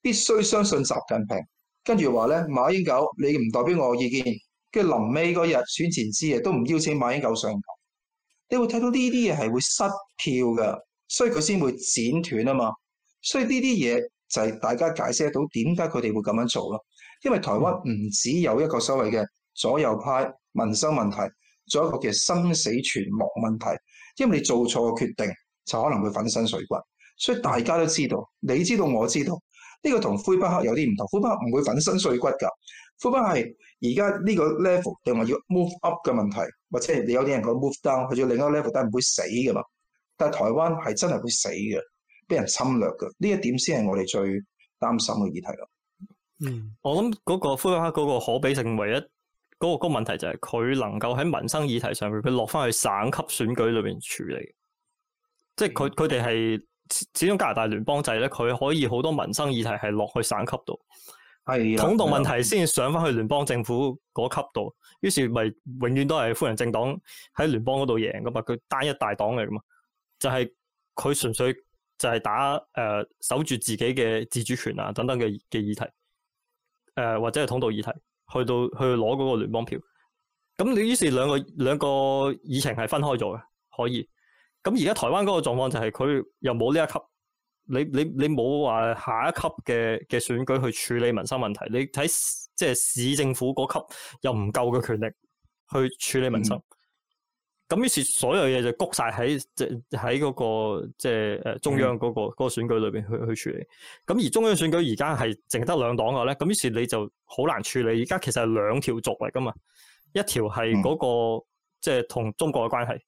必須相信習近平，跟住話咧馬英九你唔代表我意見，跟住臨尾嗰日選前之夜都唔邀請馬英九上台。你會睇到呢啲嘢係會失票㗎，所以佢先會剪斷啊嘛，所以呢啲嘢。就係大家解釋得到點解佢哋會咁樣做咯，因為台灣唔止有一個所謂嘅左右派民生問題，仲有一個其實生死存亡問題，因為你做錯決定就可能會粉身碎骨，所以大家都知道，你知道我知道呢個同魁北克有啲唔同，魁北克唔會粉身碎骨㗎，魁北克係而家呢個 level 定話要 move up 嘅問題，或者你有啲人佢 move down 去咗另一個 level，但係唔會死㗎嘛，但係台灣係真係會死嘅。俾人侵略嘅呢一點先係我哋最擔心嘅議題咯。嗯，我諗嗰個魁北克嗰個可比性，唯一嗰、嗰個嗰、嗰個問題就係佢能夠喺民生議題上面，佢落翻去省級選舉裏邊處理。即係佢佢哋係始始終加拿大聯邦制咧，佢可以好多民生議題係落去省級度，係的統獨問題先上翻去聯邦政府嗰級度。於是咪永遠都係魁人政黨喺聯邦嗰度贏噶嘛，佢單一大黨嚟噶嘛，就係佢純粹。就係打誒、呃，守住自己嘅自主權啊，等等嘅嘅議題，誒、呃、或者係統獨議題，去到去攞嗰個聯邦票，咁你於是兩個兩個議程係分開咗嘅，可以。咁而家台灣嗰個狀況就係佢又冇呢一級，你你你冇話下一級嘅嘅選舉去處理民生問題，你睇即係市政府嗰級又唔夠嘅權力去處理民生。嗯咁於是所有嘢就谷晒喺即喺嗰個即誒、呃、中央嗰、那個嗰、那個選舉裏邊去去處理。咁而中央選舉而家係淨得兩黨嘅咧，咁於是你就好難處理。而家其實係兩條軸嚟噶嘛，一條係嗰、那個、嗯、即係同中國嘅關係，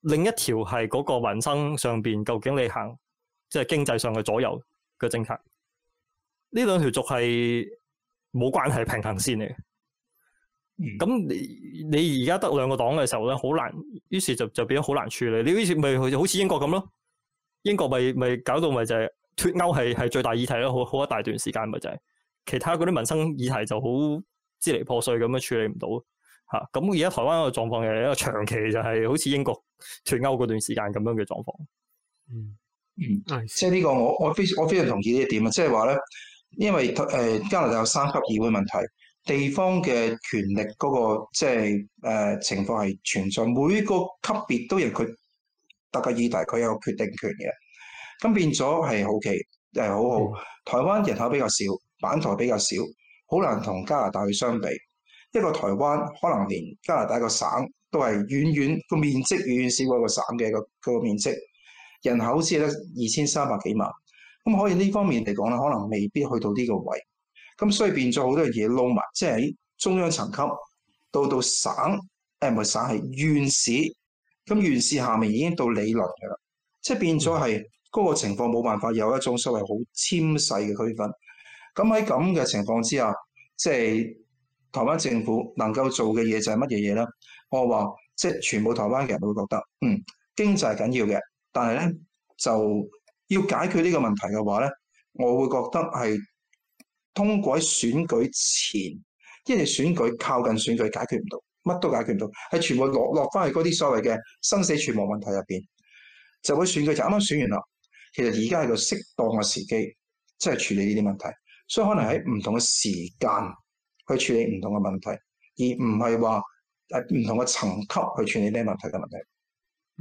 另一條係嗰個民生上邊究竟你行即係、就是、經濟上嘅左右嘅政策。呢兩條軸係冇關係平衡線嚟。咁你你而家得兩個黨嘅時候咧，好難，於是就就變咗好難處理。你於是咪好似英國咁咯，英國咪咪搞到咪就係脫歐係係最大議題咯，好好一大段時間咪就係、就是、其他嗰啲民生議題就好支離破碎咁樣處理唔到吓。咁而家台灣個狀況又係一個長期就係好似英國脫歐嗰段時間咁樣嘅狀況。嗯嗯，係即係呢個我我非我非常同意呢一點啊，即係話咧，因為誒、呃、加拿大有三級議會問題。地方嘅權力嗰、那個即係誒情況係存在，每一個級別都有佢特嘅議題，佢有決定權嘅。咁變咗係好奇，係好好。嗯、台灣人口比較少，版圖比較少，好難同加拿大去相比。一個台灣可能連加拿大個省都係遠遠個面積遠遠少過一個省嘅個個面積，人口先係得二千三百幾萬。咁可以呢方面嚟講咧，可能未必去到呢個位。咁所以變咗好多嘢撈埋，即係喺中央層級到到省，誒唔係省係縣市，咁縣市下面已經到里鄰嘅啦，即係變咗係嗰個情況冇辦法有一種所謂好纖細嘅區分。咁喺咁嘅情況之下，即係台灣政府能夠做嘅嘢就係乜嘢嘢咧？我話即係全部台灣嘅人都會覺得，嗯，經濟係緊要嘅，但係咧就要解決呢個問題嘅話咧，我會覺得係。通過喺選舉前，因為選舉靠近選舉解決唔到，乜都解決唔到，係全部落落翻去嗰啲所謂嘅生死存亡問題入邊。就會選舉就啱啱選完啦，其實而家係個適當嘅時機，即係處理呢啲問題，所以可能喺唔同嘅時間去處理唔同嘅問題，而唔係話喺唔同嘅層級去處理呢啲問題嘅問題。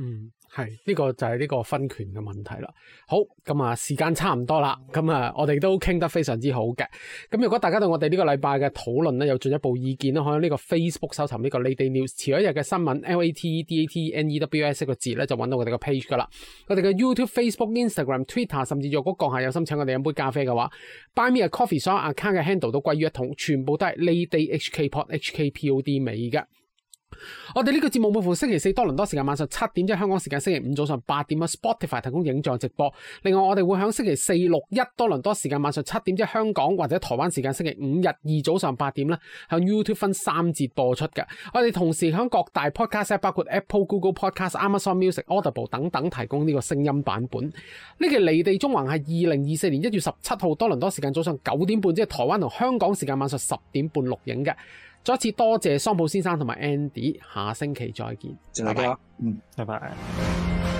嗯，係呢、這個就係呢個分權嘅問題啦。好，咁、嗯、啊時間差唔多啦，咁、嗯、啊我哋都傾得非常之好嘅。咁、嗯、如果大家對我哋呢個禮拜嘅討論咧有進一步意見咧，可以喺呢個 Facebook 搜尋呢個 Lady News，前一日嘅新聞 L A T D A T N E W S 個字咧就揾到我哋個 page 噶啦。我哋嘅 YouTube、Facebook、Instagram、Twitter，甚至若果閣下有心請我哋飲杯咖啡嘅話，Buy me a coffee 所有 account 嘅 handle 都歸於一統，全部都係 Lady HK Pod HK Pod 尾嘅。我哋呢個節目每逢星期四多倫多時間晚上七點，即係香港時間星期五早上八點，喺 Spotify 提供影像直播。另外，我哋會喺星期四六一多倫多時間晚上七點，即係香港或者台灣時間星期五日二早上八點咧，喺 YouTube 分三節播出嘅。我哋同時喺各大 Podcast，包括 Apple、Google Podcast、Amazon Music、Audible 等等，提供呢個聲音版本。呢期離地縱橫係二零二四年一月十七號多倫多時間早上九點半，即係台灣同香港時間晚上十點半錄影嘅。再一次多謝桑普先生同埋 Andy，下星期再見。拜拜。拜拜，嗯，拜拜。